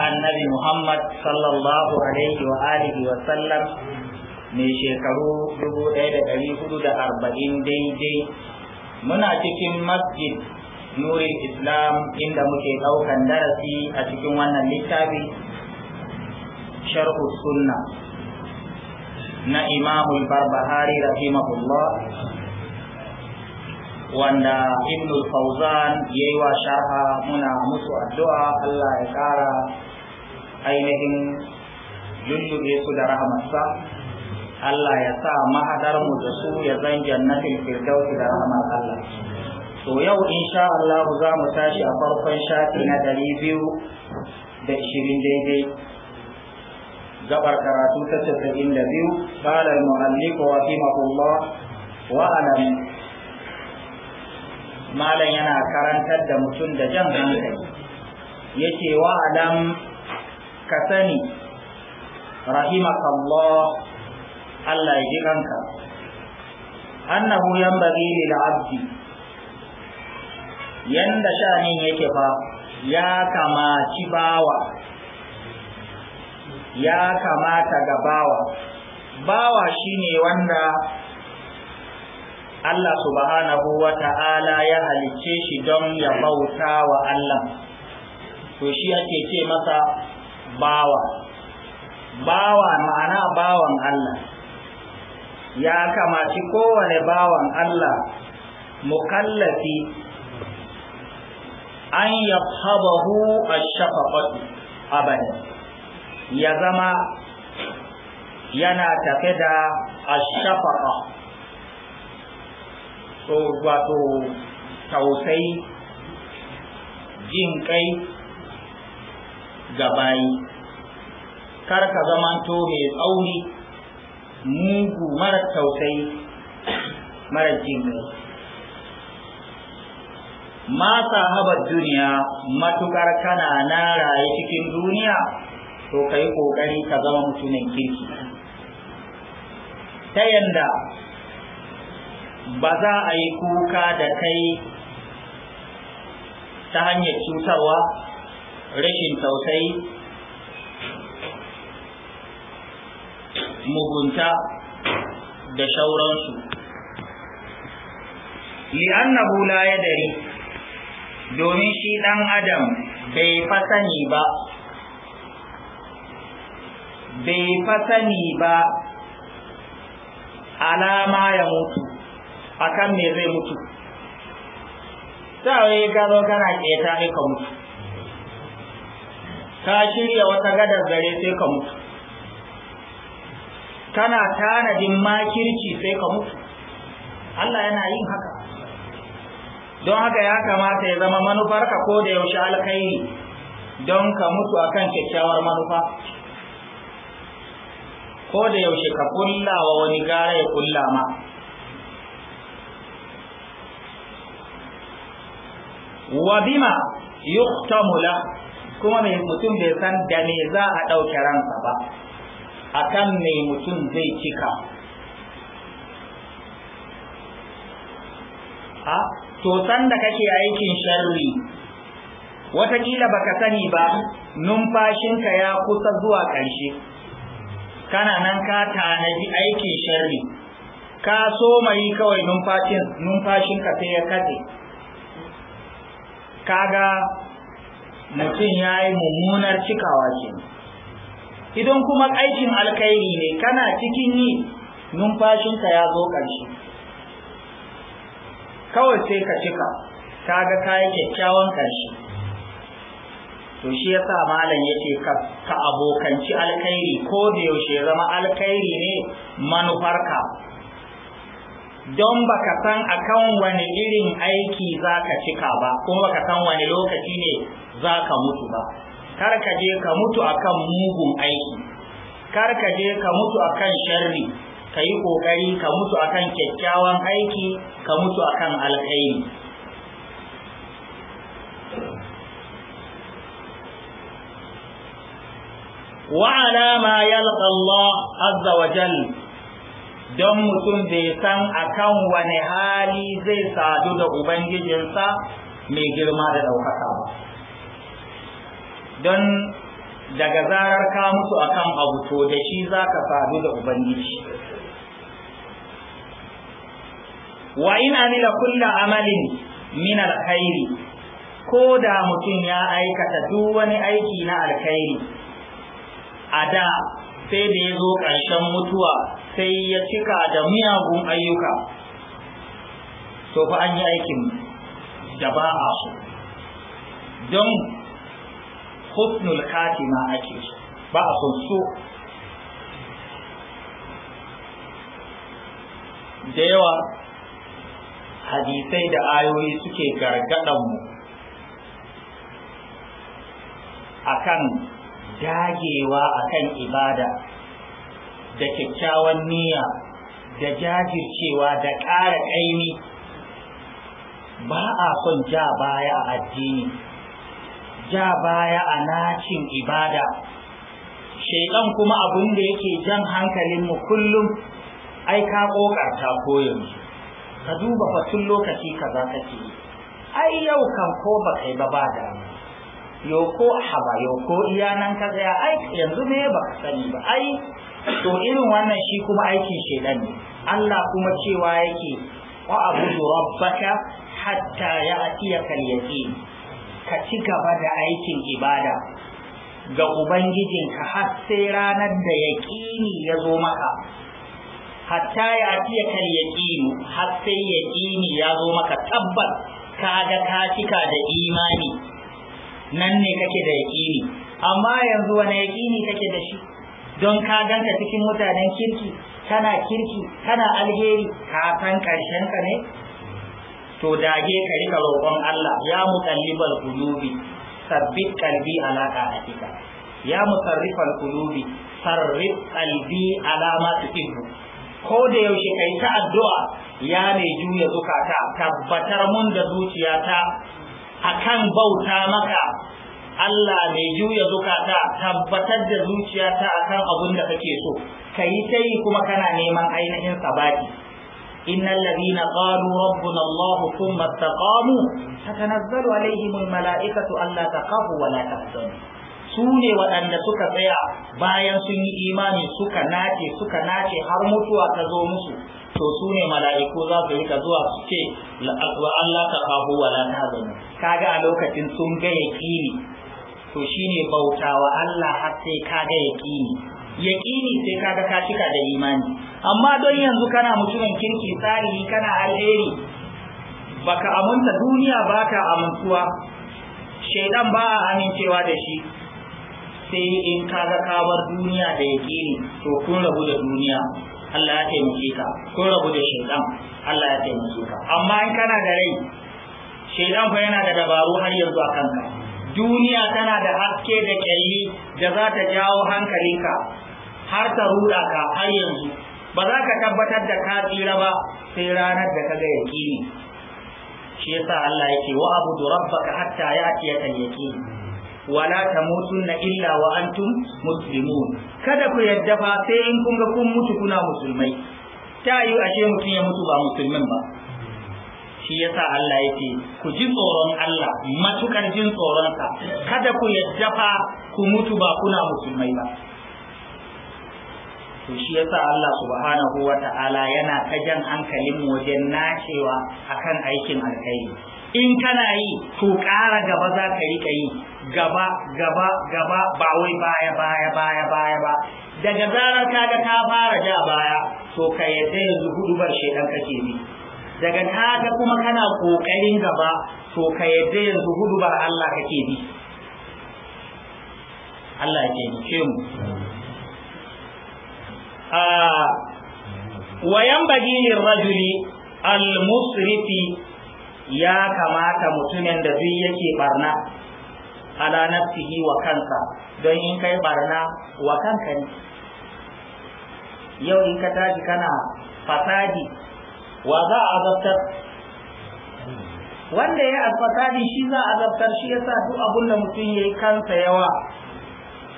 annabi Muhammad sallallahu alaihi wa alihi wa sallam mai shekaru 1440 daidai muna cikin masjid nurin islam inda muke daukan darasi a cikin wannan littafi sharhu sunna na imamul barbahari rahimahullah wanda ibnul fauzan yayi wa sharha muna musu addu'a Allah ya kara ainihin lullube su da rahamarsa Allah ya sa mahadar mu da su ya zan jannatin firdausi da rahamar Allah to yau insha Allah za mu tashi a farkon shafi na dari biyu da ishirin daidai gabar karatu ta casa'in da biyu ƙalar mu'alliku wa himahullah wa alam malam yana karantar da mutum da jan hankali yake wa alam ka sani rahimakallah Allah ya ji kanka annahu yanbaghi lil abdi yanda shanin yake fa ya kamaci bawa ya kamata ga bawa bawa shine wanda Allah subhanahu wa ta'ala ya halicce shi don ya bauta wa Allah to shi ake ce masa bawa bawa ma'ana bawan Allah ya kamaci kowane bawan Allah mukallafi an yafhabahu a shafaqat abada ya zama yana tafe da a shafafa so wato tausayi jin kai ga bayi kar ka zamanto mai tsauri mugu mara tausayi mara jini ma sahabar duniya matukar kana na raye cikin duniya to ka yi ƙoƙari ka zama mutumin kirki ta yanda ba za a yi kuka da kai ta hanyar cutarwa rashin tausayi mugunta da shauransu li'annahu la yadari domin shi ɗan adam bai fasani ba bai fasani ba alama ya mutu akan me zai mutu sai ka gado kana keta ka mutu ka shirya wata gadar gare sai ka mutu kana tanadin makirci sai ka mutu Allah yana yin haka don haka ya kamata ya zama manufarka ko da yaushe alkhairi don ka mutu akan kyakkyawar manufa ko da yaushe ka kulla wa wani gara ya kulla ma wa bima kuma mai mutum bai san da me za a ɗauke ransa ba akan mai mutum zai cika a to sanda kake aikin sharri watakila baka sani ba numfashinka ya kusa zuwa ƙarshe kana nan ka tanadi aikin sharri ka so mai kawai numfashin numfashinka sai ya katse kaga mutum ya yi mummunar cikawa kenan idan kuma aikin alkhairi ne kana cikin yi numfashinka ya zo ƙarshe kawai sai ka cika ka ga kayi kyakkyawan ƙarshe to shi yasa malam yace ka ka abokanci alkhairi ko da yaushe zama alkhairi ne manufarka don baka san akan wani irin aiki za ka cika ba kuma baka san wani lokaci ne za ka mutu ba kar ka je ka mutu akan mugun aiki kar ka je ka mutu akan sharri ka yi kokari ka mutu akan kyakkyawan aiki ka mutu akan alkhairi wa'ala ma yalqa Allah azza wa jal don mutum bai san akan wani hali zai sadu da ubangijinsa mai girma da ɗaukaka ba don daga zarar ka mutu akan abu to da shi za ka sadu da ubangiji wa in amila kulla amalin min alkhairi ko da mutum ya aikata duk wani aiki na alkhairi a da sai da ya zo ƙarshen mutuwa sai ya cika da miyagun ayyuka to fa an yi aikin da ba a so don husnul khatima ake so ba a son so da yawa hadisai da ayoyi suke gargadanmu akan dagewa akan ibada da kyakkyawan niyya da jajircewa da ƙara ƙaimi ba a son ja baya a addini ja baya a nacin ibada shaidan kuma abin da yake jan hankalin mu kullum ai ka kokarta ko yanzu ka duba fa tun lokaci kaza kake ai yau kan ko ba kai ba ba da ko haba ko iya nan ka tsaya ai yanzu ne ba ka sani ba ai to irin wannan shi kuma aikin shaidan ne Allah kuma cewa yake wa abudu rabbaka hatta ya'tiyaka al-yaqin ka ci gaba da aikin ibada ga ubangijinka har sai ranar da yaƙini ya zo maka hatta ya fiye kan yaƙini har sai yaƙini ya zo maka tabbas ka ga ka cika da imani nan ne kake da yaƙini amma yanzu wani yaƙini kake da shi don ka ganta cikin mutanen kirki kana kirki kana alheri ka san ƙarshen ne to dage ka rika roƙon Allah ya mutallibal qulubi sabbit qalbi ala ta'atika ya musarrifal qulubi sarrif qalbi ala ma tuhibbu ko da yaushe kai ta addu'a ya ne juya zukata tabbatar mun da zuciyata akan bauta maka Allah mai juya zukata tabbatar da zuciyata akan abin da kake so ka yi ta yi kuma kana neman ainihin sabati إن الذين قالوا ربنا الله ثم استقاموا تتنزل عليهم الملائكة ألا تخافوا ولا تحزنوا su ne waɗanda suka tsaya bayan sun yi imani suka nace suka nace har mutuwa ta zo musu to su ne mala'iku za su rika zuwa su ce Allah ta kafu wa la tahzanu kaga a lokacin sun ga yaqini to shine bautawa Allah har sai kaga yaqini yaƙini sai kaga ka cika da imani amma don yanzu kana mutumin kirki salihi kana alheri baka amunta duniya baka amintuwa shaidan ba a amincewa da shi sai in kaga kawar duniya da yaƙini to kun rabu da duniya Allah ya taimake ka kun rabu da shaidan Allah ya taimake ka amma in kana da rai shaidan fa yana da dabaru har yanzu a kanka duniya tana da haske da kyalli da za ta jawo hankalinka har ta ruda ka har yanzu ba za ka tabbatar da ka tsira ba sai ranar da ka ga yaƙini shi yasa Allah yake wa abudu rabbaka hatta kan yaqin wala tamutunna illa wa antum muslimun kada ku yadda fa sai in kun ga kun mutu kuna musulmai ta yi ashe mutum ya mutu ba musulmin ba shi yasa Allah yake ku ji tsoron Allah matukar jin tsoronsa kada ku yadda fa ku mutu ba kuna musulmai ba to shi yasa Allah subhanahu wa ta'ala yana ta jan hankalin wajen nacewa akan aikin alkhairi in kana yi to ƙara gaba za ka rika yi gaba gaba gaba ba wai baya baya baya baya ba daga zarar kaga ka fara ja baya to ka yadda yanzu bar shedan kake ne daga kaga kuma kana kokarin gaba to ka yadda yanzu hudubar Allah kake bi Allah ya mu a wayan rajuli al ya kamata mutumin da zai yake barna ala nafsihi wa kansa don in kai barna wa kanka ne yau in ka tashi kana fasadi wa za a azabtar wanda ya alfasadi shi za a azabtar shi yasa duk abun da mutum ya yi kansa yawa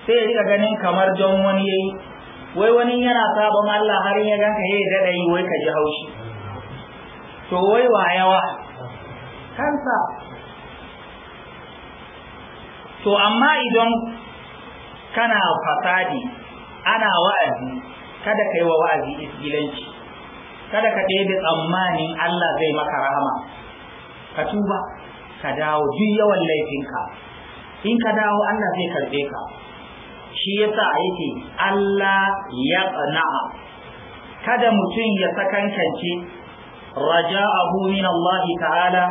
sai ya riga ganin kamar don wani ya yi, wai wani yana sabon Allah har ya ganka yi dada yi wai ka ji haushi to wai wa yawa kansa to amma idan kana fasadi ana wa'azi kada kai wa wa'azi isgilanci kada ka ɗebe tsammanin Allah zai maka rahama ka tuba ka dawo duk yawan laifinka in ka dawo Allah zai karɓe ka shi yasa yake Allah ya tsana'a kada mutum ya sakankance Abu min Allah ta'ala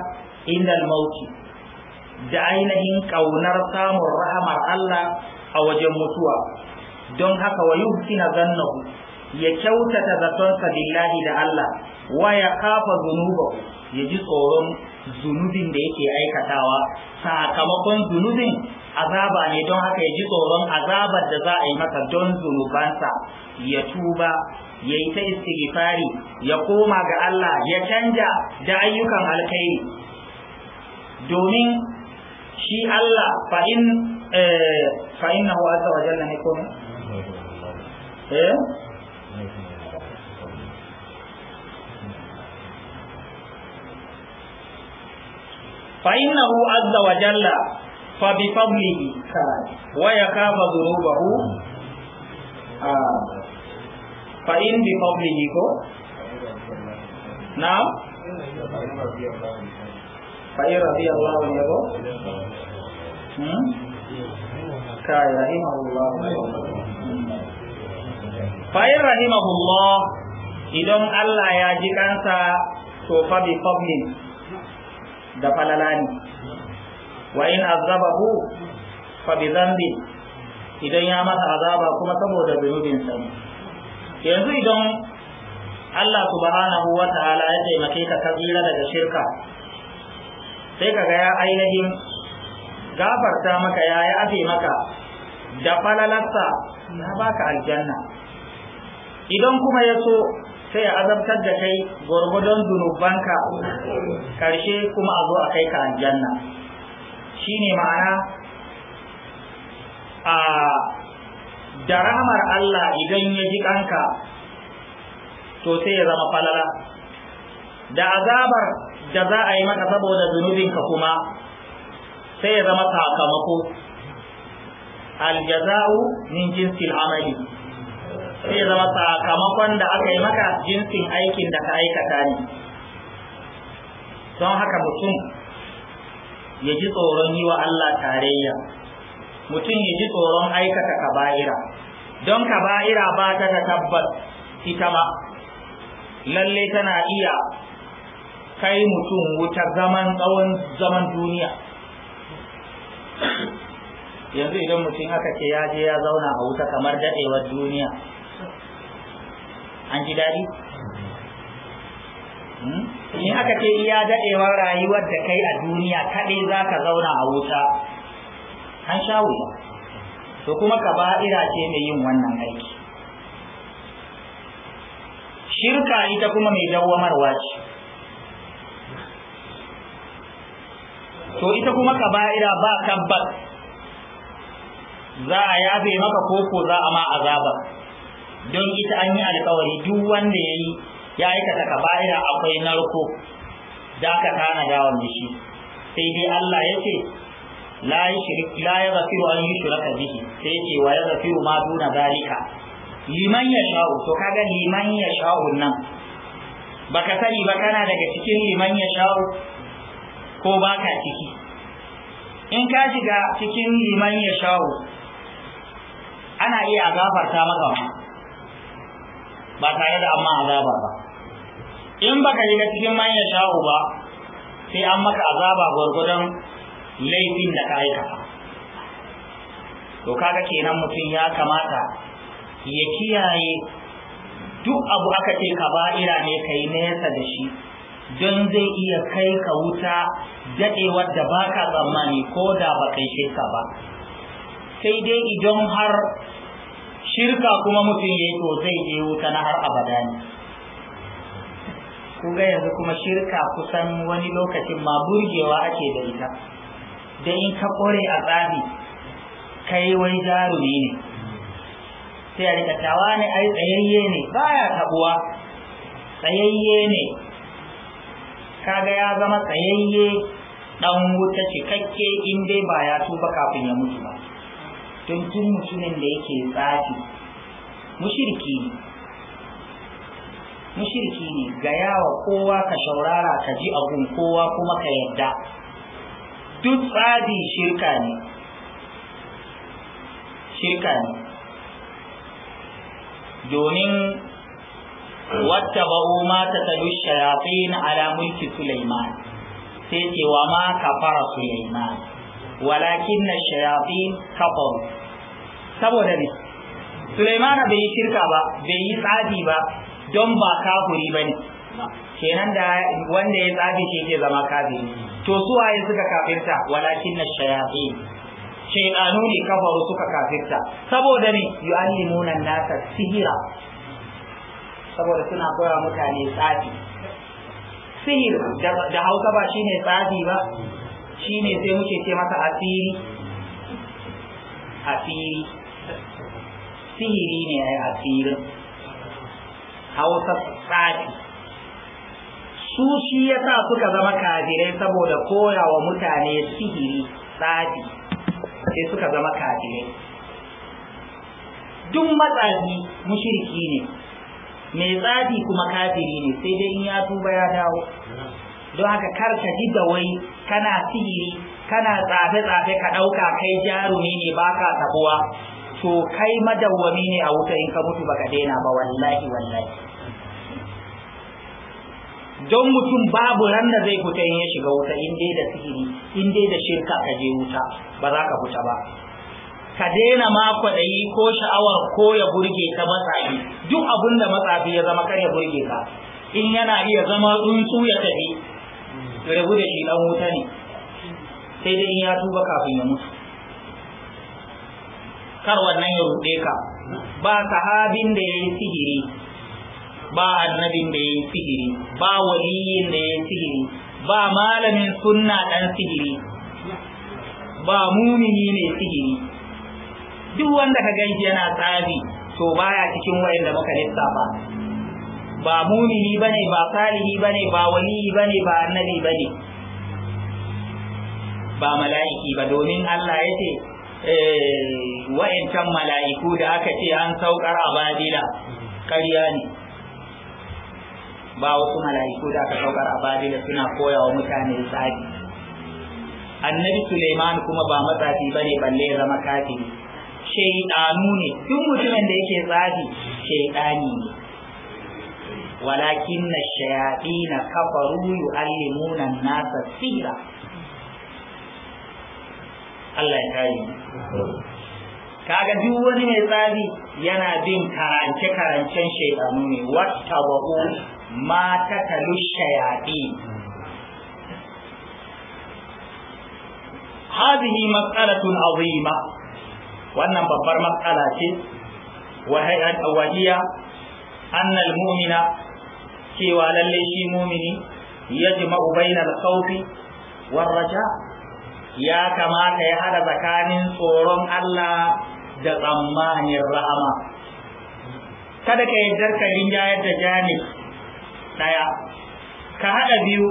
inda mauti da ainihin ƙaunar samun rahamar Allah a wajen mutuwa don haka wa yuhsina zannahu ya kyautata zatonsa billahi da Allah wa ya kafa zunuba ya ji tsoron zunubin da yake aikatawa sakamakon zunubin azaba ne don haka ya ji tsoron azabar da za a yi masa don zunubansa ya tuba ya yi ta istighfari ya koma ga Allah ya canja da ayyukan alkhairi domin shi Allah fa in eh, fa innahu azza wa ne ko eh فإنه عز وجل فبفضله ويخاف ذنوبه آه. فإن بفضله نعم فإن رضي الله عنه كاي رحمه الله fa'in rahimahullah idan Allah ya ji kansa to fa bi fadlin da falalani wa in azabahu fa bi zambi idan ya masa azaba kuma saboda zunubin ne. yanzu idan Allah subhanahu wa ta'ala ya taimake ka kabira daga shirka sai kaga ya ainihin gafarta maka ya yi maka da falalarsa ya baka aljanna idan kuma ya so sai ya azabtar da kai gwargwadon dunubanka, karshe kuma a zo a kai ka aljanna Shi ne ma'ana a da rahamar Allah idan ya ji kanka to sai ya zama falala da azabar da za a yi maka saboda zunubinka kuma sai ya zama sakamako aljaza'u min jinsil amali sai ya zama sakamakon da aka yi maka jinsin aikin da ka aikata ne don haka mutum ya ji tsoron yi wa Allah tarayya mutum ya ji tsoron aikata kaba'ira don kaba'ira ba ta da tabbas ita ma lalle tana iya kai mutum wuta zaman tsawon zaman duniya yanzu idan mutum aka ce ya je ya zauna a wuta kamar daɗewar duniya an ji daɗi hmm? in aka ce iya daɗewar rayuwar da kai a duniya kaɗai za ka zauna a wuta an sha to kuma ka ba ira ce mai yin wannan aiki shirka ita kuma mai dawwamarwa ce to ita kuma ka ba ira ba tabbas za a yafe maka koko za a ma azabar don ita an yi alkawari duk wanda ya yi ya aikata kaba'ira akwai narko za ka tana gawan da shi sai dai Allah ya ce la wa an yushraka bihi sai ce wa zafi ma duna zalika liman sha'u to kaga liman sha'u nan baka sani ba kana daga cikin liman sha'u ko baka ciki in ka shiga cikin liman sha'u ana iya gafarta maka ba tare da amma azaba ba in baka na cikin manyan shahu ba sai an maka azaba gwargwadon laifin da ka aikata to kaga kenan mutum ya kamata ya kiyaye duk abu aka ce ka ira ne ka yi nesa da shi don zai iya kai ka wuta daɗewar da ba ka tsammani ko da ba kai shirka ba sai dai idan har shirka kuma mutum ya to zai je wuta na har abada ne kuga yanzu kuma shirka kusan wani lokacin ma burgewa ake da ita da in ka kore a tsari kai wai jarumi ne sai a rika tawa ne ai tsayayye ne baya tabuwa tsayayye ne kaga ya zama tsayayye ɗan wuta cikakke in dai ba ya tuba kafin ya mutu ba don tun mutumin da yake tsafi mushirki ne mushirki ne ga yawa kowa ka shaurara ka ji abun kowa kuma ka yadda duk tsadi shirka ne shirka ne domin wata ba'u ma ta talu shayafin ala mulki Sulaiman sai ce wa ma kafara Sulaiman walakin na shayafin kafaru saboda ne Sulaimana bai yi shirka ba bai yi tsafi ba don ba kafuri ba ne kenan da wanda ya tsafi shi ke zama kafiri to su waye suka kafirta walakin na shayafi shaidanu ne kafaru suka kafirta saboda ne yu'allimuna nasa sihira saboda suna koya mutane tsafi sihir da hausa ba ne tsafi ba shine sai muke ce masa asiri asiri sihiri ne ya yi asirin hausa tsari su shi ya sa suka zama kafirai saboda koya wa mutane sihiri tsari sai suka zama kafirai duk matsafi mushirki ne mai tsafi kuma kafiri ne sai dai in ya tuba ya dawo don haka kar ka ji da wai kana sihiri kana tsafe-tsafe ka ɗauka kai jarumi ne ba ka tabuwa to kai madawwami ne a wuta in ka mutu baka daina ba wallahi wallahi don mutum babu ran da zai fita in ya shiga wuta in dai da sihiri in dai da shirka ka je wuta ba za ka fita ba ka daina ma kwaɗayi ko sha'awar ko ya burge ka matsafi duk abin da matsafi ya zama kar ya burge ka in yana iya zama tsuntsu ya tafi rabu da shi dan wuta ne sai dai in ya tuba kafin ya mutu kar wannan ya ruɗe ka ba sahabin da ya yi sihiri ba annabin da ya yi sihiri ba waliyin da ya yi sihiri ba malamin sunna ɗan sihiri ba mumini ne sihiri duk wanda ka ganshi yana tsari to baya cikin da muka lissafa ba mumini bane ba salihi bane ba waliyi bane ba annabi bane ba mala'iki ba domin Allah ya ce Eh, wa'incan mala'iku da aka ce an saukar a badila ƙarya ne ba wasu mala'iku da aka saukar a suna koya wa mutane tsari annabi suleiman kuma ba matsafi ba ne balle ya zama kafi. shaidanu ne duk mutumin da yake tsari shaidani ne walakin na shayaɗi na kafaru yu'allimuna nasa sira Allah ya kare kaga duk wani mai tsari yana bin karance karancen shaidanu ne wata ba'u ma ta kalu shayaɗi hadihi mas'alatun azima wannan babbar matsala ce wahiya annal mu'mina cewa lalle shi mu'mini yajma'u bainal khawfi war ya kamata ya hada tsakanin tsoron Allah da tsammanin rahama kada ka yarda ka rinjayar da janib daya ka hada biyu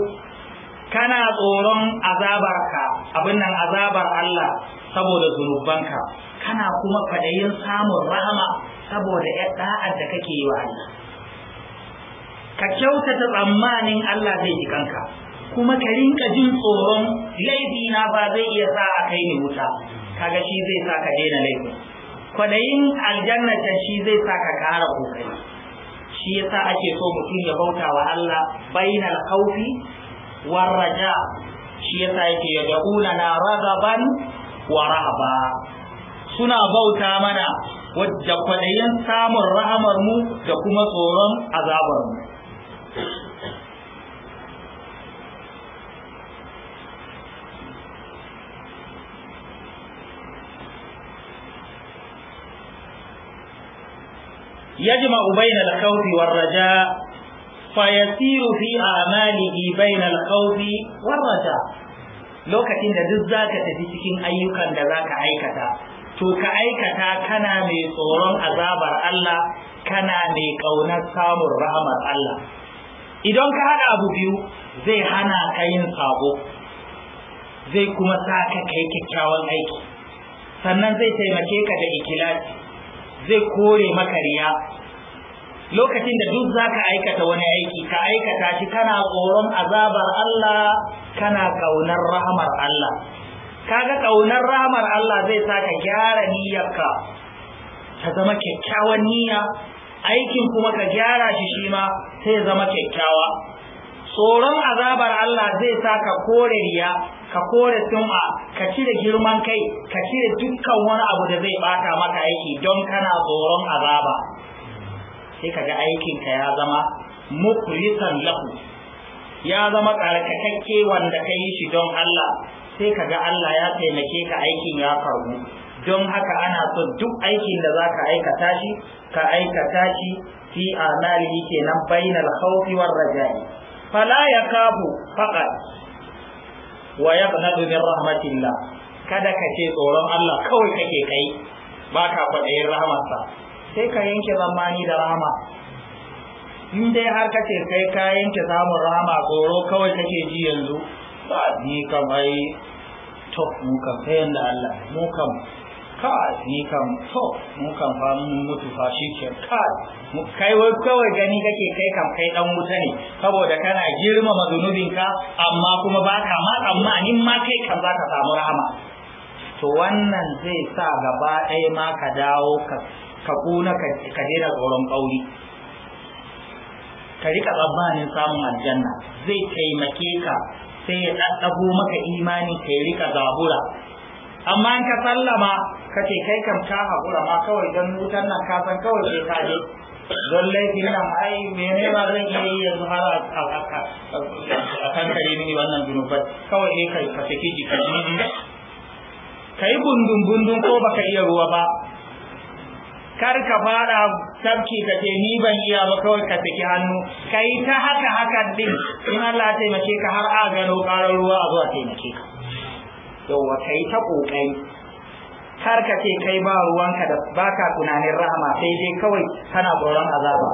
kana tsoron azabarka abin nan azabar Allah saboda zunubanka kana kuma faɗayin samun rahama saboda ɗa'ar da kake yi wa Allah ka kyautata tsammanin Allah zai ji kanka kuma ka rinka jin tsoron laifi na ba zai iya sa a kai ni wuta kaga shi zai sa ka daina laifin kwadayin aljannata shi zai sa ka kara kokari shi yasa ake so mutum ya bauta wa Allah bainal khawfi war raja shi yasa yake ya da'una na ragaban wa rahaba suna bauta mana wadda kwadayin samun rahamar mu da kuma tsoron azabar mu يجمع بين الخوف والرجاء فيسير في أعماله بين الخوف والرجاء lokacin da duk zaka tafi cikin ayyukan da za ka aikata to ka aikata kana mai tsoron azabar Allah kana mai ƙaunar samun rahmar Allah idan ka haɗa abu biyu zai hana ka yin sabo zai kuma sa ka kai kyakkyawan aiki sannan zai taimake ka da ikilasi zai kore maka riya lokacin da duk zaka aikata wani aiki ka aikata shi kana tsoron azabar Allah kana kaunar rahmar Allah kaga kaunar rahmar Allah zai saka gyara niyyarka ta zama kyakkyawan niyya aikin kuma ka gyara shi shi ma sai ya zama kyakkyawa tsoron azabar Allah zai sa ka kore riya ka kore sum'a ka cire girman kai ka cire dukkan wani abu da zai bata maka aiki don kana tsoron azaba sai kaga aikin ka ya zama mukrisan lahu ya zama tsarkakakke wanda ka yi shi don Allah sai ka ga Allah ya taimake ka aikin ya karbu don haka ana so duk aikin da za ka aikata shi ka aikata shi fi amalihi kenan bainal khawfi war raja'i fala ya kafu faɗa, wa yaqnadu min rahmatillah kada ka ce tsoron Allah kawai kake kai ba ka kwaɗayin rahamarsa sai ka yanke zamani da rahama in dai har kace kai ka yanke samun rahama tsoro kawai kake ji yanzu ba ni kamar to mu kan sai Allah mu kai ni kan To mu kan fa mu mutu fa shi ke kai mu kai wai kawai gani kake kai kan kai dan wuta ne saboda kana girma ka amma kuma ba ka ma tsammanin ma kai kan za ka samu rahama to wannan zai sa gaba ɗaya ma ka dawo ka kuna ka daina tsoron kauri ka rika tsammanin samun aljanna zai taimake ka sai ya ɗaɗɗago maka imani kai rika zabura amma in ka sallama ka ce kai kam ka haƙura ma kawai don wutan nan ka san kawai ke ka je don laifin nan ai mene ba zan iya yi yanzu har a kankare ni wannan zunubai kawai ne kai ka saki jika ka yi gundun gundun ko baka iya ruwa ba kar ka fara tabki ka ce ni ban iya ba kawai ka saki hannu ka yi ta haka haka din in Allah ya taimake ka har a gano ƙarar ruwa a zuwa taimake ka yawwa kai ta kokari kar ka ce kai ba ruwanka da baka tunanin rahama sai dai kawai kana tsoron azaba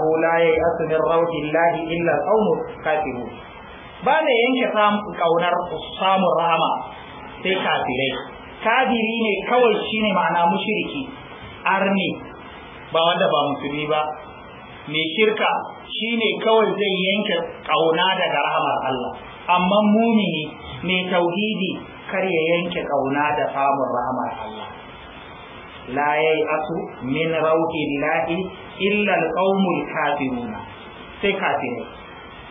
hu la ya'asu min llahi illa qawmu kafiru ba ne yanke kaunar samun rahama sai kafirai kafiri ne kawai shine ma'ana mushriki arni ba wanda ba musulmi ba mai shirka shine kawai zai yanke kauna daga rahamar Allah amma mumini mai tauhidi kar ya yanke kauna da samun rahmar Allah la yai asu min rauki lillahi illa alqaumul kafirun sai kafirai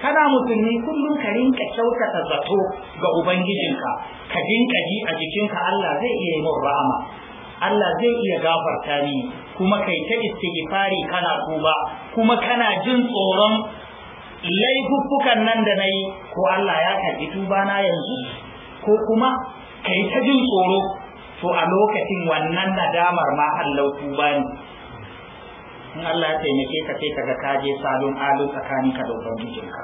kana musulmi kullum ka rinka kyautata zato ga ubangijinka ka dinka ji a jikinka Allah zai iya yi min rahama Allah zai iya gafarta ni kuma kai ta istighfari kana tuba kuma kana jin tsoron laifuffukan nan da na yi ko Allah ya karɓi tuba na yanzu ko kuma kai ta jin tsoro to a lokacin wannan nadamar ma Allah tuba ne in Allah ya taimake ka sai kaga ka je salon alu tsakanin ka da ubangijinka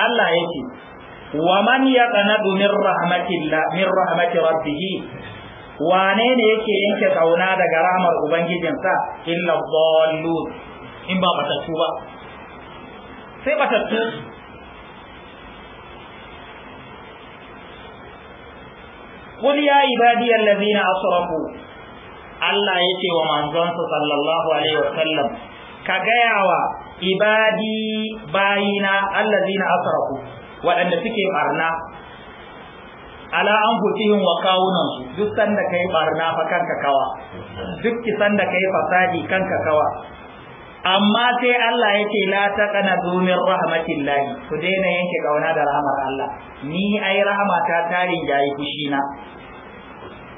Allah yake wa man yaqnadu min rahmatillah min rahmati rabbih wane ne yake yanke kauna daga rahmar ubangijinsa illa dhallun in ba matattu ba sai batattu قل يا عبادي الذين أسرفوا Allah yake wa manzonsa sallallahu alaihi wa sallam ka gaya wa ibadi bayina allazina asrafu waɗanda suke barna ala an hutihim wa kawunan su duk sanda kai barna fa kanka kawa duk kisan da kai fasadi kanka kawa amma sai Allah ya ce la kana zumin rahmatillah ku daina yanke kauna da rahmar Allah ni ai rahama ta tare da yi fushi na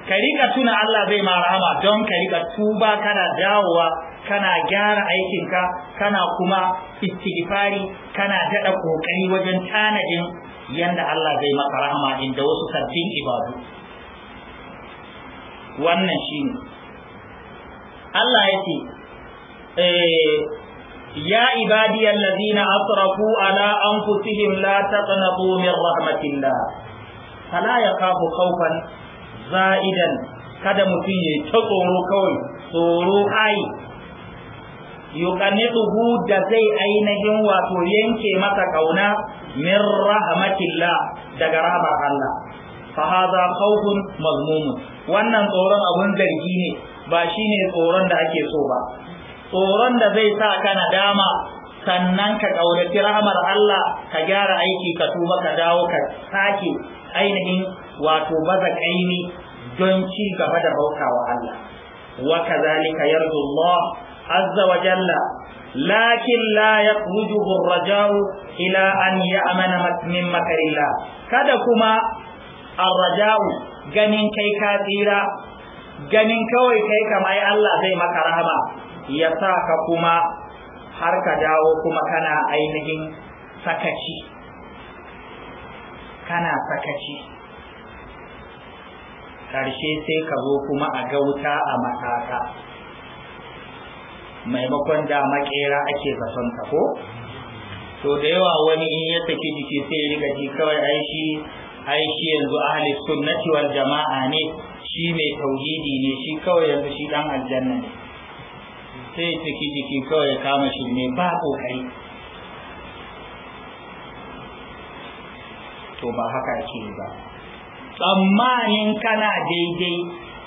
ka tuna Allah zai ma rahama don ka tuba kana dawowa kana gyara aikinka kana kuma istighfari kana daɗa kokari wajen tanadin yanda Allah zai maka rahama inda wasu sabbin ibadu wannan shine Allah ya يا عبادي الذين أسرفوا على أنفسهم لا تقنطوا من رحمة الله فلا يخاف خوفا زائدا kada mutum ya ta tsoro kawai tsoro ai yuqanituhu da zai ainihin wato yanke masa kauna min rahmatillah daga rahmar Allah fa hadha khawfun mazmum wannan tsoron abun zargi ne ba shine tsoron da ake so ba tsoron da zai sa ka nadama sannan ka ƙaunaci rahamar Allah ka gyara aiki ka tuba ka dawo ka sake ainihin wato baza kaimi don ci gaba da bautawa Allah wa ka yarju Allah azza wa jalla lakin la yakhrujuhu rajau ila an ya'mana min makarillah kada kuma ar-raja'u ganin kai ka tsira ganin kawai kai kamar Allah zai maka rahama ya sa ka kuma har ka dawo kuma kana ainihin sakaci kana sakaci ƙarshe sai ka zo kuma a gauta a matata maimakon da makera ake zaton ko to da yawa wani in ya saki jiki sai riga ji kawai ai shi yanzu ahli sunnati jama'a ne shi mai tauhidi ne shi kawai yanzu shi ɗan aljanna ne sai ciki ciki kawai ya kama shi ne ba kokari to ba haka ce ba tsammanin kana daidai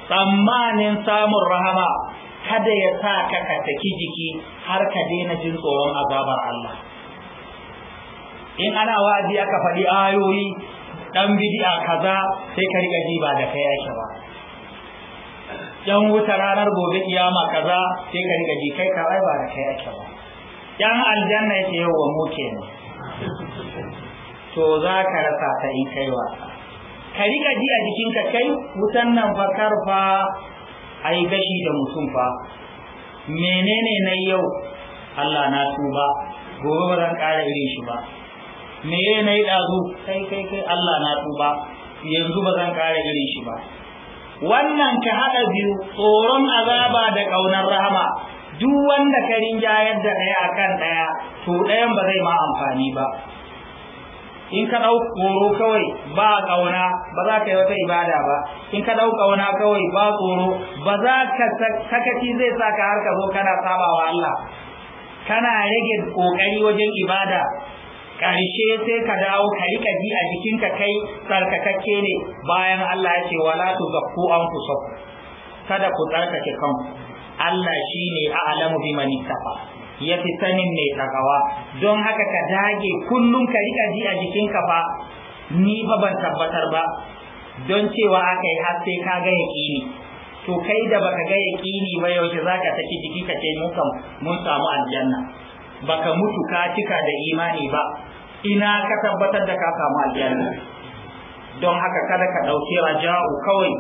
tsammanin samun rahama kada ya sa ka ka taki jiki har ka daina jin tsoron azabar Allah in ana wa'azi aka faɗi ayoyi dan bid'a kaza sai ka riga ji ba da kai yake ba yan wuta ranar gobe kiyama kaza sai ka riga ji kai ka ai ba da kai ake ba yan aljanna yake yau wa mu kenan to za ka rasa ta in kai wasa ka riga ji a jikin ka kai wutan nan fa karfa ai gashi da mutum fa menene na yau Allah na tuba gobe ba zan ƙara irin shi ba me ne na yi ɗazu kai kai kai Allah na tuba yanzu ba zan ƙara irin shi ba wannan ka haɗa biyu tsoron azaba da ƙaunar rahama duk wanda ka rinjayar da ɗaya a kan ɗaya to ɗayan ba zai ma amfani ba in ka ɗau tsoro kawai ba ƙauna ba za ka yi wata ibada ba in ka ɗau ƙauna kawai ba tsoro ba za ka sakaci zai sa ka har ka zo kana sabawa Allah kana rage ƙoƙari wajen ibada ƙarshe sai ka dawo ka rika ji a jikinka kai tsarkakakke ne bayan Allah ya ce wala tu zakku an ku kada ku tsarkake kanku Allah shine a'lamu bi man istafa ya fi sanin mai takawa don haka ka dage kullum ka rika ji a jikinka fa ni fa ban tabbatar ba don cewa aka yi har sai ka ga yaƙini to kai da baka ga yaƙini ba yaushe zaka saki jiki ka ce mun samu aljanna baka mutu ka cika da imani ba ina ka tabbatar da ka samu aljanna don haka kada ka ɗauki raja'u kawai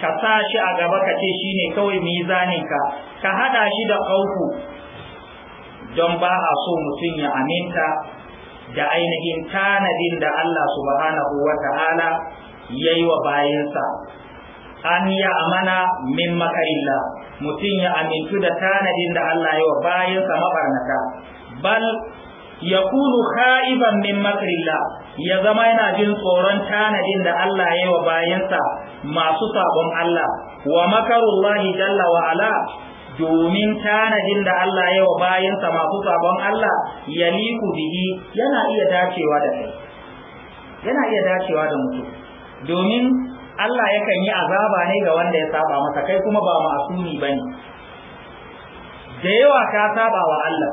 ka sa shi a gaba ka ce shi ne kawai mizaninka ka haɗa shi da kauku don ba a so mutum ya aminta da ainihin tanadin da Allah subhanahu wa ta'ala ya wa bayansa an ya amana min makarilla mutum ya amintu da tanadin da Allah ya wa bayansa mabarnata bal ya kunu kha'iban min makarilla ya zama yana jin tsoron tanadin da Allah ya wa bayansa masu sabon Allah wa makarullahi jalla wa ala domin tanadin da Allah ya wa bayansa masu sabon Allah ya bihi yana iya dacewa da kai yana iya dacewa da mutum domin Allah yakan yi azaba ne ga wanda ya saba masa kai kuma ba ba bane da yawa ka saba wa Allah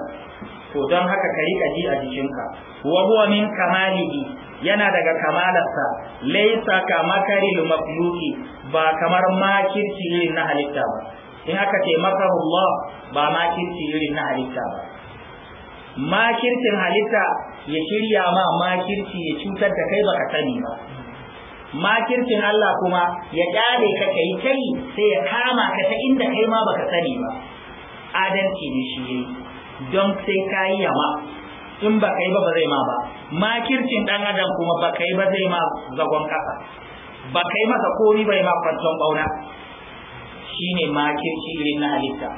to don haka ka yi ji a jikinka wa huwa min kamalihi yana daga kamalarsa laisa ka makaril mafluki ba kamar makirci irin na halitta ba in aka ce makarullah ba makirci irin na halitta ba makircin halitta ya shirya ma makirci ya cutar da kai ba ka sani ba makircin Allah kuma ya kyale ka kai kai sai ya kama ka ta inda kai ma baka sani ba adalci ne shi yayi don sai ka yi yama in ba kai ba ba zai ma ba makircin dan adam kuma ba kai ba zai ma zagon kasa ba kai masa komi bai ma kwanton bauna shine makirci irin na halitta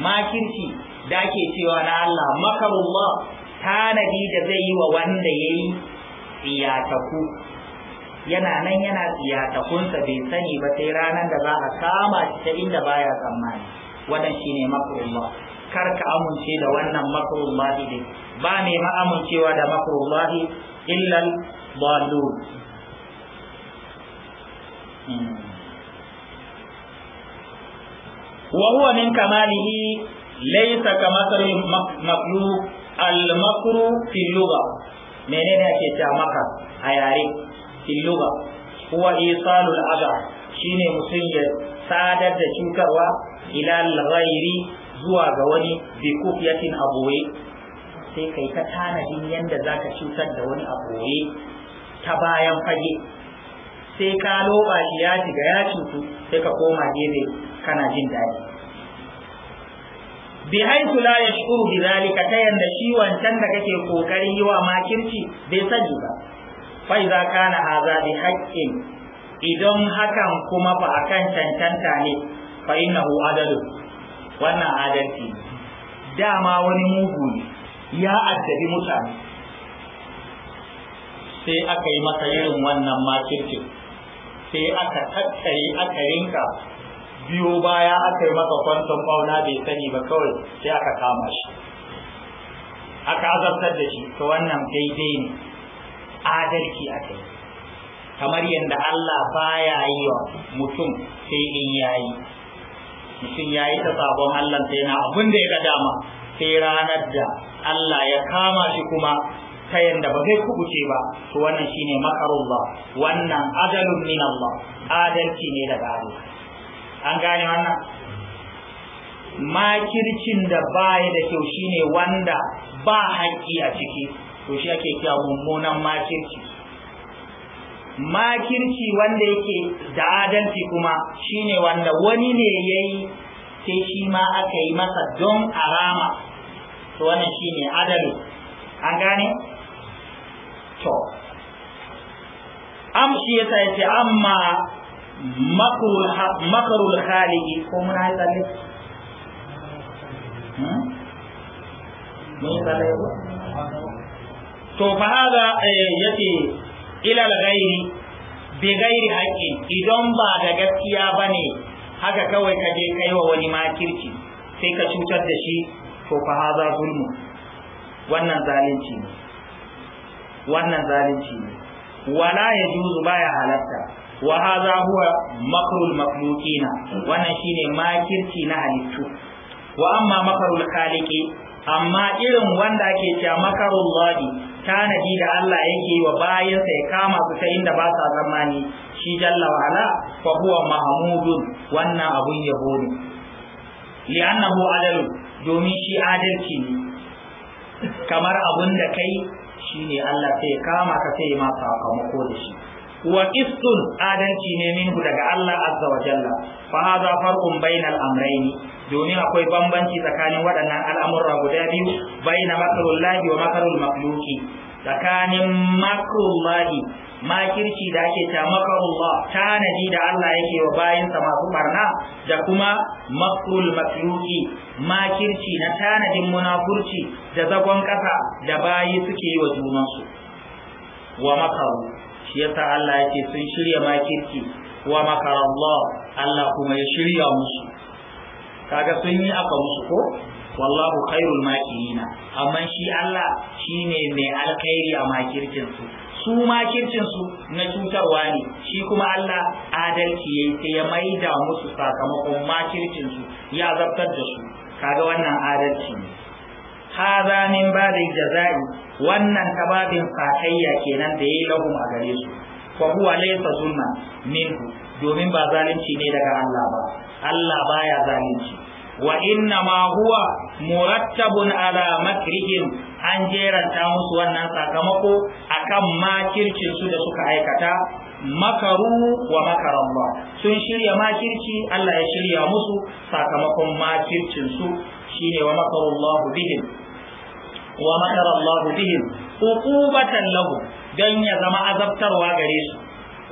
makirci da ake cewa na Allah makarullah tanadi da zai yi wa wanda yayi iyataku yana nan yana kunsa bai sani ba sai ranar da za a kama shi ta inda baya tsammani wannan shine makrullah kar ka amince da wannan makrullah din ba ma amincewa da makrullah illa dalu wa huwa min kamalihi laysa kamathali makhluq al makru fi lugha menene ake cewa maka a yare illuga huwa isalul adha shine mutum ya sadar da cutarwa ila ghairi zuwa ga wani bi kufiyatin aboye sai kai ta tanadin yanda zaka cutar da wani aboye ta bayan fage sai ka loba shi ya shiga ya cutu sai ka koma gefe kana jin daɗi bi haitu la yashkuru bi zalika ta yanda shi wancan da kake kokarin yi wa makirci bai sani ba Mai za kana haza bi haƙƙin idan hakan kuma ba akan cancanta ne fa innahu adalu wannan adalci dama wani mugu ne. ya addabi mutane sai aka yi masa irin wannan makircin sai aka tattare aka rinka biyo baya aka yi masa kwanton bauna bai sani ba kawai sai aka kama shi aka azabtar da shi ta wannan daidai ne adalci a kai kamar yadda Allah baya yi wa mutum sai in yayi mutum yayi ta sabon Allah sai na abin da ya ga dama sai ranar da Allah ya kama shi kuma ta yadda ba zai kubuce ba to wannan shine makarullah wannan adalun min Allah adalci ne daga Allah an gane wannan makircin da baya da kyau shine wanda ba haƙƙi a ciki to shi ake kira mummunan makirci makirci wanda yake da adalci kuma shine wanda wani ne yayi sai shi ma aka yi masa don arama to wannan shine adalu an gane to amshi yasa yace amma makarul Haligi ko muna yi tsalle mun yi tsalle hmm? to fa hada eh, yake ila al-ghairi bi ghairi haqqi idan ba da gaskiya bane haka kawai ka je kai wa wani makirci sai ka cutar da shi to fa hada zulmu wannan zalunci ne wannan zalunci ne wala yajuzu baya halatta wa hadha huwa makrul makhluqina wannan shine makirci na halittu wa amma makarul khaliqi amma irin wanda ake cewa makarullahi tanadi da Allah yake wa bayansa ya kama su ta inda ba sa ne shi jalla wa ala fa huwa mahmudun wannan abun yabo ne li'annahu adal domin shi adalci ne kamar abun da kai shine Allah sai ya kama ka sai ma sakamako da shi wa qistun adalci ne minhu daga Allah azza wa jalla fa hadha farqun bainal amrayni domin akwai bambanci tsakanin waɗannan al'amurra guda biyu baina makarullahi wa makarun makhluqi tsakanin makarullahi makirci da ake ta makarullah tanadi da Allah yake wa bayansa masu barna da kuma makarun makhluqi makirci na tanadin munafurci da zagon ƙasa da bayi suke yi wa junansu wa makaru shi yasa Allah yake sun shirya makirci wa makarallah Allah kuma ya shirya musu kaga sun yi aka musu ko wallahu khairul makirina amma shi Allah shine mai alkhairi a makircin su su makircin su na cutarwa ne shi kuma Allah adalci yayi sai ya maida musu sakamakon makircin su ya zartar da su kaga wannan adalci ne hadha min babil jazai wannan kababin sakayya kenan da yayi lahum a gare su fa huwa laysa zulma min domin ba zalunci ne daga Allah ba Allah baya zalunci wa inna ma huwa murattabun ala makrihim an jeranta musu wannan sakamako akan makircin su da suka aikata makaru wa makarallah sun shirya makirci Allah ya shirya musu sakamakon makircin su shine wa makarallahu bihim wa makarallahu bihim uqubatan lahu dan ya zama azabtarwa gare su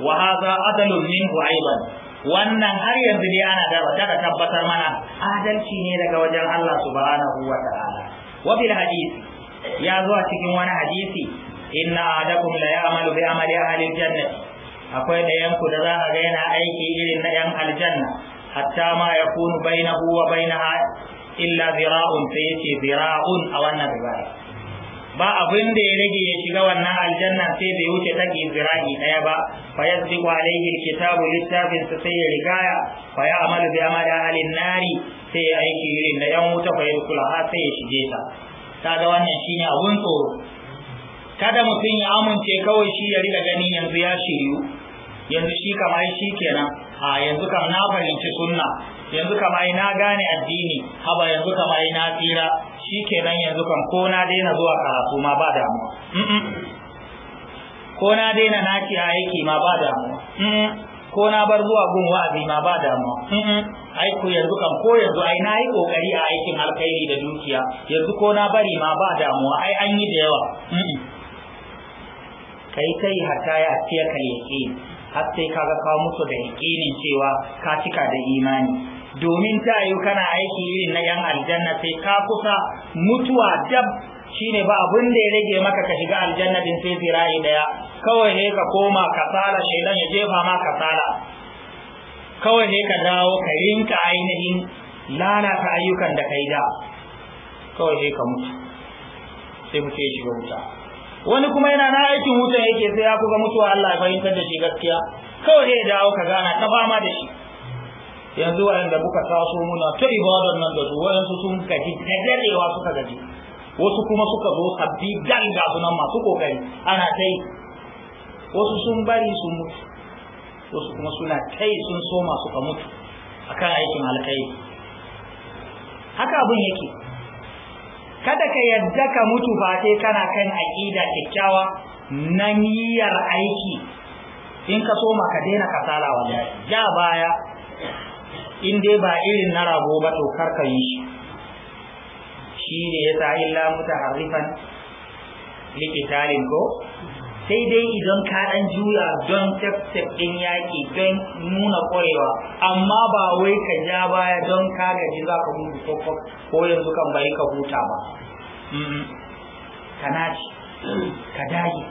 wa hadha adalun minhu aidan wannan har yanzu dai ana da tabbatar mana adalci ne daga wajen Allah subhanahu wa ta'ala wa bil hadisi ya zo a cikin wani hadisi inna adakum la ya'malu bi amali ahli jannati akwai da yanku da za a ga yana aiki irin na yan aljanna hatta ma yakunu bainahu wa bainaha illa zira'un sai yace zira'un a wannan riwaya ba abin da ya rage ya shiga wannan aljanna sai bai wuce ta zira'i daya ba fa ya yasbiqu alayhi alkitabu littafin sa sai ya rigaya fa ya amalu bi amali ahli nari sai ya aiki irin da yan wuta fa yadkhula ha sai ya shige ta kaga wannan shine abun tsoro kada mutum ya amince kawai shi ya riga gani yanzu ya shiryu yanzu shi kamar shi kenan a yanzu kam na fahimci sunna yanzu kamar na gane addini haba yanzu kamar na tsira nan yanzu kan ko na daina zuwa karatu ma ba damuwa ko na daina naci a aiki ma ba damuwa ko na bar zuwa gun wa'azi ma ba damuwa ai ku yanzu kan ko yanzu ai na yi kokari a aikin alkhairi da dukiya yanzu ko na bari ma ba damuwa ai an yi da yawa kai kai Hata ya fiye ka yake har sai kaga kawo musu da ne cewa ka cika da imani domin ta yi kana aiki irin na yan aljanna sai ka kusa mutuwa dab shine ba abun da ya rage maka ka shiga aljanna din sai zira'i daya kawai ne ka koma shi shaidan ya jefa ma tsara kawai ne ka dawo ka rinka ainihin lalata ayyukan da kai da kawai ne ka mutu sai mutu ya shiga wuta wani kuma yana na aikin wutan yake sai ya kuga mutuwa Allah ya fahimtar da shi gaskiya kawai ne ya dawo ka gana ta fama da shi yanzu wayanda muka taso muna ta ibadar nan da su wayansu sun gaji da dadewa suka gaji wasu kuma suka zo sabbi dan ga sunan masu kokari ana tai wasu sun bari sun mutu wasu kuma suna tai sun so masu ka mutu akan aikin alkai haka abun yake kada ka yadda ka mutu ba sai kana kan aqida kikkiawa nan niyyar aiki in ka soma ka daina kasala wallahi ja baya in dai ba irin na rago ba to karka yi shi shi ne ya sa illa mutaharrifan likitalin ko sai dai idan ka dan juya don tafsir din yaki don nuna ƙwarewa amma ba wai ka ja baya don ka gaji za ka gudu ko ko yanzu kan bari ka huta ba ka naci ka dage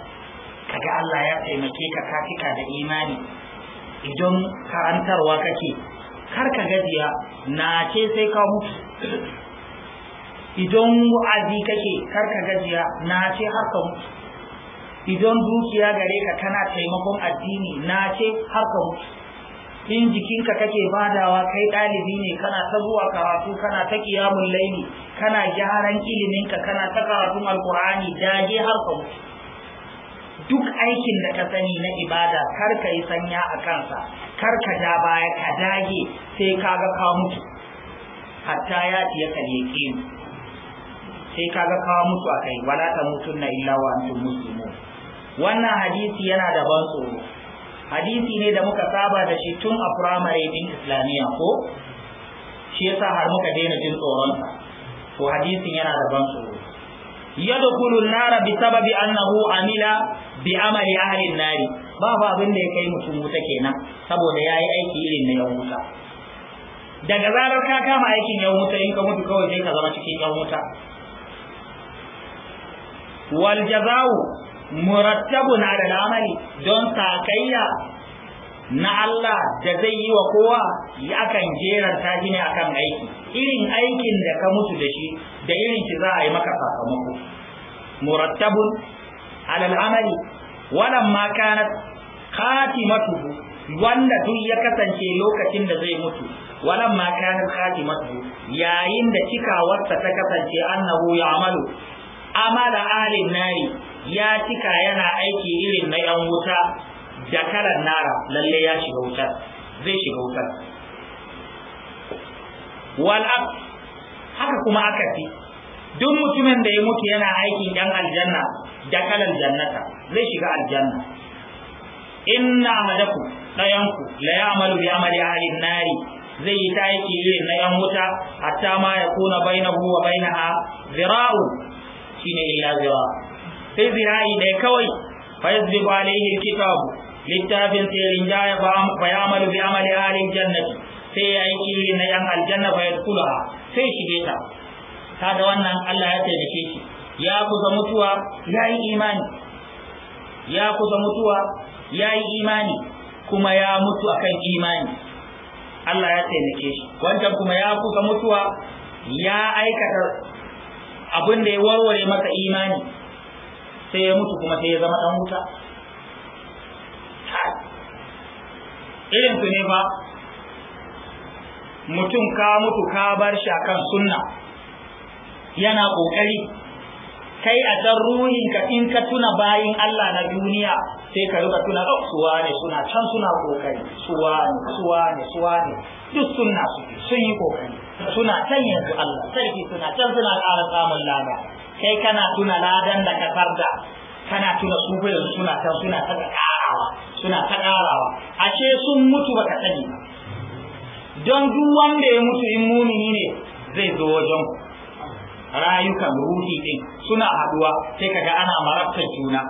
ka ga Allah ya taimake ka ka da imani idan karantarwa kake kar ka gajiya na ce sai ka mutu idan wa'azi kake kar ka gajiya na ce har ka mutu idan dukiya gare ka kana taimakon addini na ce har ka mutu in jikinka kake badawa kai ɗalibi ne kana ta zuwa karatu kana ta kiyamun laini kana gyaran iliminka kana ta karatun alkur'ani dage har ka mutu duk aikin da ka sani na ibada kar ka yi sanya a kansa kar ka ja baya ka dage sai kaga ka mutu hatta ya ka yake ni. sai kaga ka mutu akai wala ta na illa wa antum muslimu wannan hadisi yana da ban tsoro hadisi ne da muka saba da shi tun a firamare din Islamiya ko shi yasa har muka daina jin tsoron sa to hadisin yana da ban tsoro yadkhulu an-nara bi sababi annahu amila bi amali ahli an-nari ba fa abin da ya kai mutum wuta kenan saboda ya yi aiki irin na yau wuta daga zarar ka kama aikin yan wuta in ka mutu kawai sai ka zama cikin yan wuta wal Murattabu murattabun ala al'amali don sakayya na Allah da zai yi wa kowa akan jerar ta ne akan aiki irin aikin da ka mutu da shi da irin ki za a yi maka sakamako murattabun ala al'amali ma kanat khatimatuhu wanda duk ya kasance lokacin da zai mutu walan ma kana khatimatuhu yayin da cikawarsa ta kasance annahu ya'malu amala alin nari ya cika yana aiki irin na yan wuta da karan nara lalle ya shiga wuta zai shiga wuta wal haka kuma aka fi duk mutumin da ya mutu yana aikin yan aljanna da kalan jannata zai shiga aljanna inna amadaku dayanku la ya'malu bi amali ahli nari zai yi ta yake irin na yan wuta hatta ma ya kuna hu wa ha zira'u shine illa zira sai zira'i ne kawai fa yazbiqu alayhi alkitab littafin sai rinjaya fa ya'malu bi amali ahli jannati sai ya yi irin na yan aljanna fa yadkhulaha sai shige ta kaga wannan Allah ya taimake shi ya kusa mutuwa ya yi imani ya kusa mutuwa ya yi imani kuma ya mutu akan imani Allah ya taimake shi wancan kuma ya kusa mutuwa ya aikata abin da ya warware masa imani sai ya mutu kuma sai ya zama dan wuta irin su ne ba mutum ka mutu ka bar shi akan sunna yana ƙoƙari? kai a can ruhinka in ka tuna bayin Allah na duniya sai ka rika tuna oh, suwa ne suna can suna kokari suwa ne suwa ne suwa ne duk suna suke sun yi kokari suna can yanzu Allah sarki suna can suna ƙara samun lada kai kana tuna ladan da ka farda kana tuna su yanzu suna can suna ta ƙarawa suna ta ƙarawa ashe sun mutu baka sani ba don duk wanda ya mutu in mumini ne zai zo wajen ku rayukan ruhi din suna haduwa sai kaga ana marabtar juna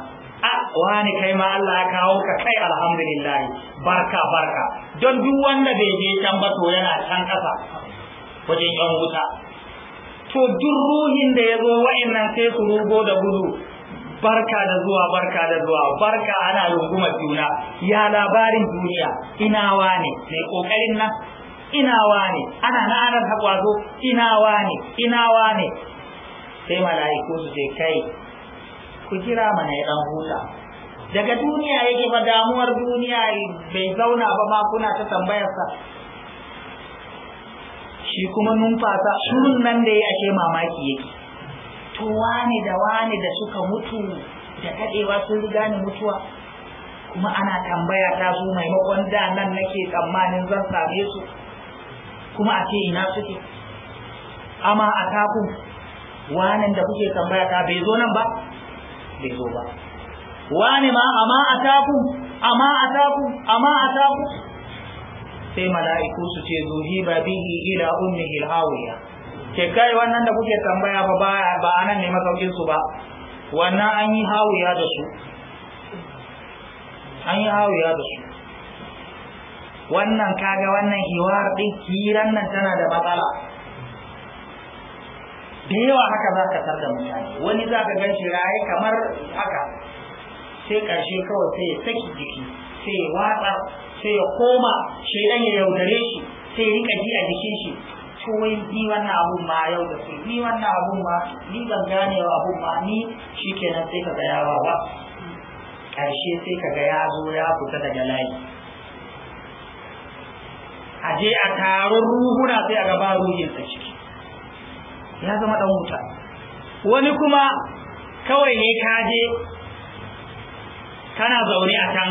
a wani kai ma Allah ya kawo ka kai alhamdulillah barka barka don duk wanda bai je can ba to yana can kasa wajen yan wuta to duk ruhin da ya zo wa'annan sai su rugo da gudu barka da zuwa barka da zuwa barka ana rungumar juna ya labarin duniya ina wane mai kokarin nan ina wane ana na anar haƙwazo ina wane ina wane sai mala'iku su ce kai ku kira mana ya dan huta daga duniya yake fa damuwar duniya bai zauna ba ma kuna ta tambayarsa shi kuma numfasa shirin nan da ya ashe mamaki yake to wane da wane da suka mutu da kadewa sun riga ni mutuwa kuma ana tambaya ta su maimakon da nan nake tsammanin zan same su kuma a ce ina suke amma a takun wanan da kuke tambaya ta bai zo nan ba bai zo ba wani ma amma ataku amma ataku amma ataku sai mala'iku su ce zuhi ba bihi ila ummihi alhawiya ke kai wannan da kuke tambaya ba ba anan ne masaukin su ba wannan an yi hawiya da su an yi hawiya da su wannan kaga wannan hiwar din hiran nan tana da matsala da yawa haka za ka da mutane wani za ka gan shi raye kamar haka sai ƙarshe kawai sai ya saki jiki sai ya watsa sai ya koma dan ya yaudare shi sai ya rika ji a jikin shi to wai ni wannan abun ma yau da su ni wannan abun ma ni ban gane wa abun ma ni shikenan sai ka ga ya wawa ƙarshe sai ka ga ya zo ya fita daga layi Aje a taron ruhuna sai a gaba sa ciki ya zama dan wuta wani kuma kawai ne ka je kana zaune a can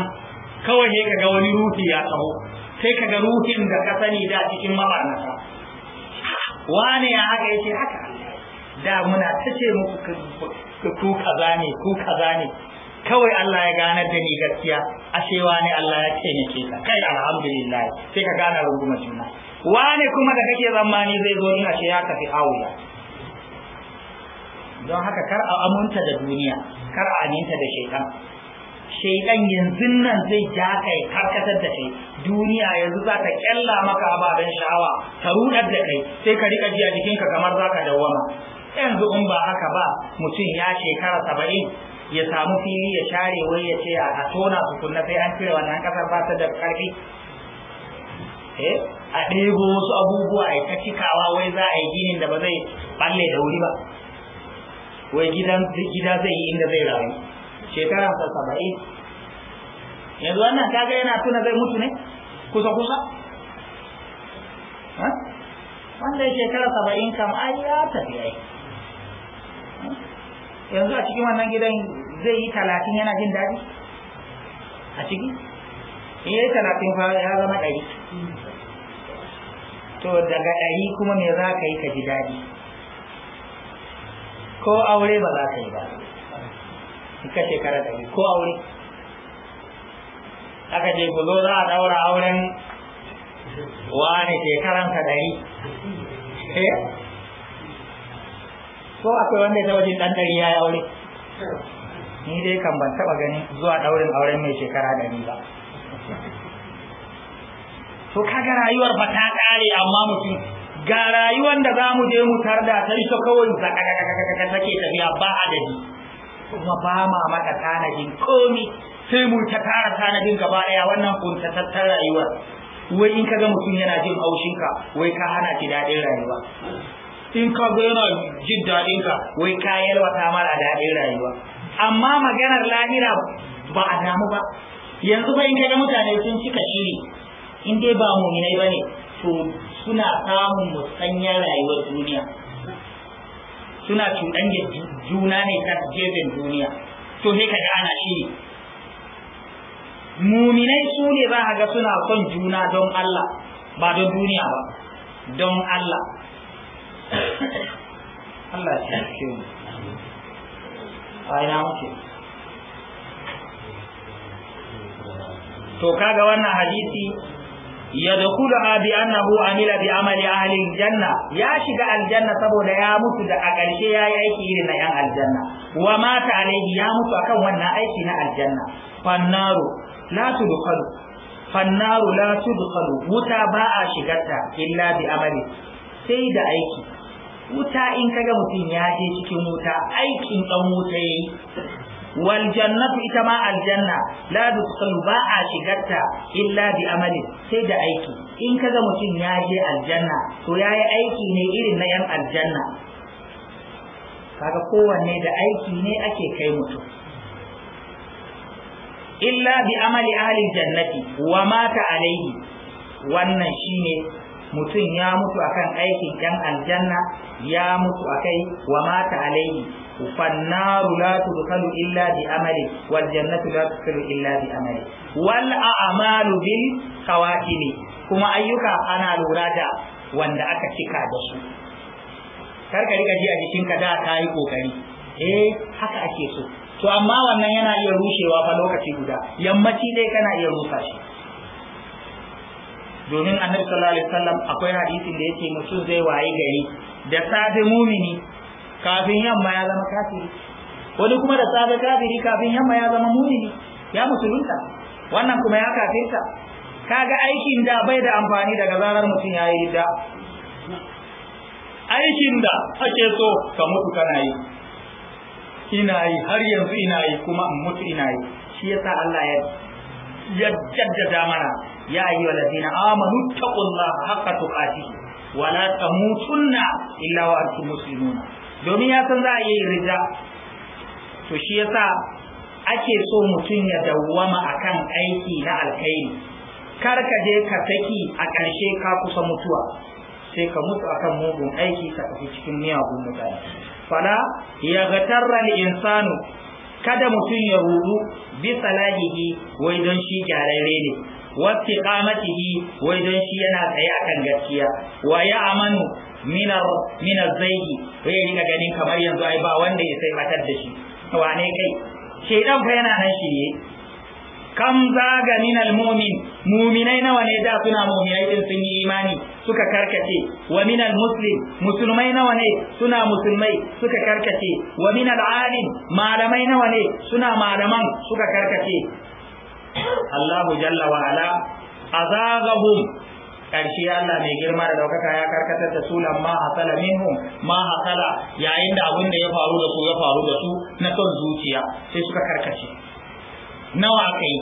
kawai ne kaga wani ruhi ya taho sai kaga ruhin da ka sani da cikin mabarnata wane ya haka yake haka da muna ta ce muku ku kaza ne ku kaza ne kawai Allah ya gane da ni gaskiya ashe wani Allah ya taimake ka kai alhamdulillah sai ka gane rungumar juna wani kuma da kake zamani zai zo ni ashe ya tafi aula don haka kar a aminta da duniya kar a aminta da shaitan shaitan yanzu nan zai ja kai karkatar da kai duniya yanzu za ta kyalla maka ababen sha'awa ta rudar da kai sai ka rika ji a jikinka kamar za ka dawwama yanzu in ba haka ba mutum ya shekara saba'in ya samu fili ya share wai ya ce a tona kunna sai an cire wannan kasar ba ta da karfi eh, a ɗebo wasu abubuwa ya ta cikawa wai za a yi ginin da ba zai balle da wuri ba wai gidan gida zai yi inda zai rayu shekara ta saba'in yanzu wannan kaga yana tuna zai mutu ne kusa kusa wanda ya shekara saba'in kam ai ya tafi yi. yanzu a cikin wannan gidan zai yi talatin yana jin daɗi a ciki in yi talatin fa ya zama ɗari to daga ɗari kuma me za ka yi ka ji daɗi ko aure ba za ka yi ba in ka shekara da ko aure aka ce ku zo za a ɗaura auren wani shekaransa ɗari eh? ko akwai wanda ya taɓa jin ɗan ɗari ya yi aure ni dai kan ban taɓa ganin zuwa ɗaurin auren mai shekara ɗari ba to kaga rayuwar ba ta ƙare amma mutum ga rayuwar da zamu je mu tarda ta to kawai ka take tafiya ba adadi kuma ba ma mata tanadin komi sai mu ta tara tanadin gaba daya wannan kuntatattar rayuwa wai in kaga mutum yana jin haushin ka wai ka hana ki dadin rayuwa in ka ga yana jin dadin ka wai ka yalwa ta mara dadin rayuwa amma maganar lahira ba a damu ba yanzu ba in kaga mutane sun cika shiri in dai ba ne bane to suna samun musanya rayuwar duniya suna da juna ne ta gefen duniya to sai kaga ana shi muminai su ne za ka ga suna son juna don Allah ba don duniya ba don Allah Allah ya ce mu a ina muke to kaga wannan hadisi Ya yadkhulaha bi annahu amila bi amali ahli janna, ya shiga aljanna saboda ya mutu da a ƙarshe yayi aiki irin na yan aljanna wa mata alaihi ya mutu akan wannan aiki na aljanna fannaru la tudkhalu fannaru la tudkhalu wuta ba a shigarta illa bi amali sai da aiki wuta in kaga mutum ya je cikin wuta aikin dan wuta yayi wal jannatu ita ma aljanna la dukhalu ba a shigarta illa bi amali sai da aiki in kaga mutum ya je aljanna to yayi aiki ne irin na yan aljanna kaga kowanne da aiki ne ake kai mutum illa bi amali ahli jannati wa mata alaihi wannan shine mutum ya mutu akan aikin yan aljanna ya mutu akai wa mata alaihi fannaru la tudkhalu illa bi amali wal jannatu la illa bi amali wal a'malu bil kuma ayyuka ana lura da wanda aka cika da su kar ka rika ji a jikinka da ka yi kokari eh haka ake so to amma wannan yana iya rushewa fa lokaci guda yammaci dai kana iya rusa shi domin annabi sallallahu alaihi wasallam akwai hadisin da yake mutum zai wayi gari da safe mumini kafin yamma ya zama kafiri wani kuma da safe kafiri kafin yamma ya zama mumini ya musulunta wannan kuma ya kafirta kaga aikin da bai da amfani daga zarar mutum ya yi da aikin da ake so ka mutu kana yi ina yi har yanzu ina yi kuma in mutu ina yi shi yasa Allah ya jaddada mana ya ayyuhal ladina amanu taqullaha haqqa tuqatih wa la tamutunna illa wa antum muslimun domin ya san za a yi rida to shi yasa ake so mutum ya dawwama akan aiki na alkhairi kar ka je ka saki a ƙarshe ka kusa mutuwa sai ka mutu akan mugun aiki ka tafi cikin miyagun mutane fala ya gatarra insanu kada mutum ya rudu bisa salahihi wai don shi gyararre ne wasu kamatihi wai don shi yana tsaye akan gaskiya wa ya amanu minar minar zaigi to ya dinga ganin kamar yanzu ai ba wanda ya sai matar da shi wane kai shedan fa yana nan shi ne kam zaga minal mu'min mu'minai nawa ne da suna mu'minai din sun yi imani suka karkace wa minal muslim musulmai nawa ne suna musulmai suka karkace wa minal alim malamai nawa ne suna malaman suka karkace Allahu jalla wa ala azagahum Karshe Allah mai girma da daukaka ya karkatar da su lamma hasala minhum ma hasala yayin da abin da ya faru da su ya faru da su na son zuciya sai suka karkace nawa aka yi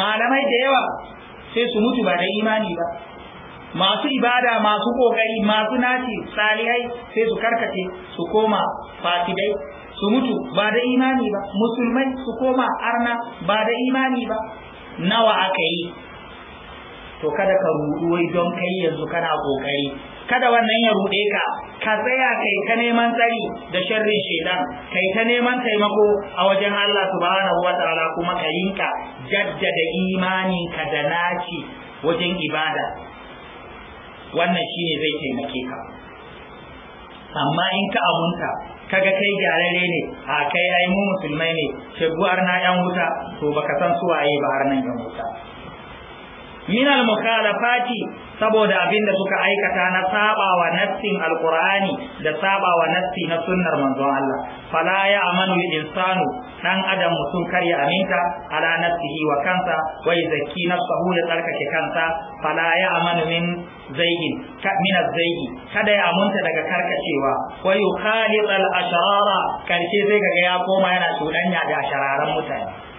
malamai da yawa sai su mutu ba da imani ba masu ibada masu kokari masu naci salihai sai su karkace su koma fasidai su mutu ba da imani ba musulmai su koma arna ba da imani ba nawa aka yi to kada ka rudu wai don kai yanzu kana kokari kada wannan ya rude ka ka tsaya kai ta neman tsari da sharrin shedan kai ta neman taimako a wajen Allah subhanahu Ta'ala kuma ka yinka jaddada imanin ka da naci wajen ibada wannan shine zai taimake ka amma in ka amunta kaga kai gyarare ne a kai ai mu musulmai ne sheguwar na yan wuta to baka san su waye ba har nan yan wuta min al-mukhalafati saboda abinda suka aikata na sabawa nassin alqur'ani da sabawa nassi na sunnar manzon Allah fala ya amanu insanu dan adam mutum kar ya aminta ala nafsihi wa kansa wa yazki nafsahu ya tsarkake kansa fala ya amanu min zayyin ka min kada ya amunta daga karkacewa wa yukhalid al-ashrara karshe sai kaga ya koma yana tudanya da shararan mutane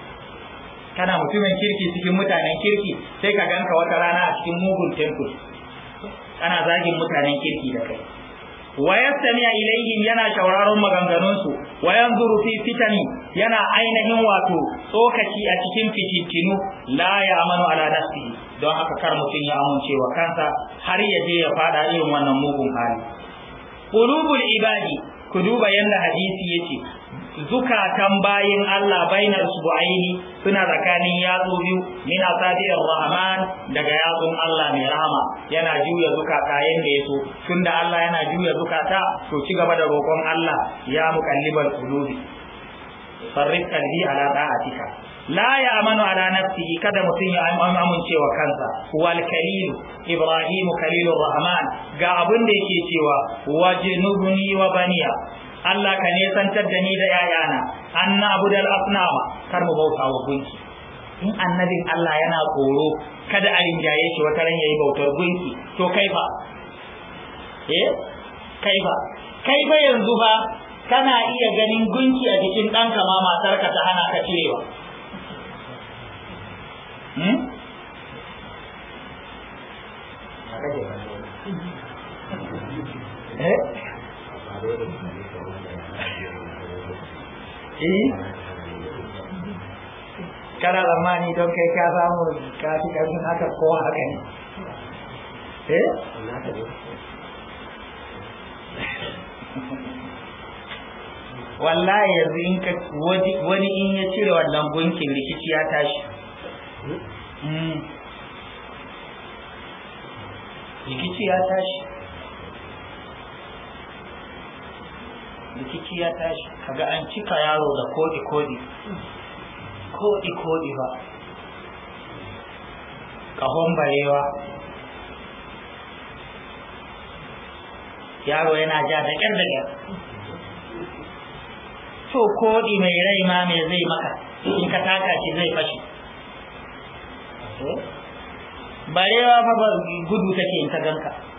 kana mutumin kirki cikin mutanen kirki sai ka ganka wata rana a cikin mugun temple ana zagin mutanen kirki da kai wa samiya ilaihim yana shauraron maganganunsu wayan zurufi fi fitani yana ainihin wato tsokaci a cikin fitintinu la amanu ala nafsi don haka kar mutum ya amince wa kansa har ya je ya fada irin wannan mugun hali qulubul ibadi ku duba yanda hadisi yace zukatan bayin Allah bainar subu'aini suna tsakanin yatsu biyu min asabi'ir rahman daga yatsun Allah mai rahama yana juya zukata yanda yaso tunda Allah yana juya zukata to ci gaba da roƙon Allah ya muqallibal qulubi farrik qalbi ala ta'atika la ya'manu ala nafsihi kada mutum ya amince wa kansa wal kalil ibrahim kalilur rahman ga abin da yake cewa wajnubni wa baniya Allah ka nesantar da ni da yayana anna abudal asnama kar mu bauta wa gunki in annabin Allah yana tsoro kada a rinjaye shi wata ran yayi bautar gunki to kai fa eh kai fa kai fa yanzu ba kana iya ganin gunki a jikin ɗanka ma matarka ta hana ka cirewa hmm? Eh? kana zamani don kai ka samu fi karfin haka ko haka ne eh wallahi yanzu in ka wani in ya cire wannan gunkin rikici ya tashi hmm. rikici ya tashi rikici ya tashi kaga an cika yaro da kodi kodi kodi kodi ba kahon barewa yaro yana ja da ƙyar da ƙyar to kodi mai rai ma mai zai maka in ka taka shi zai fashi eh? barewa fa gudu take in ka ganka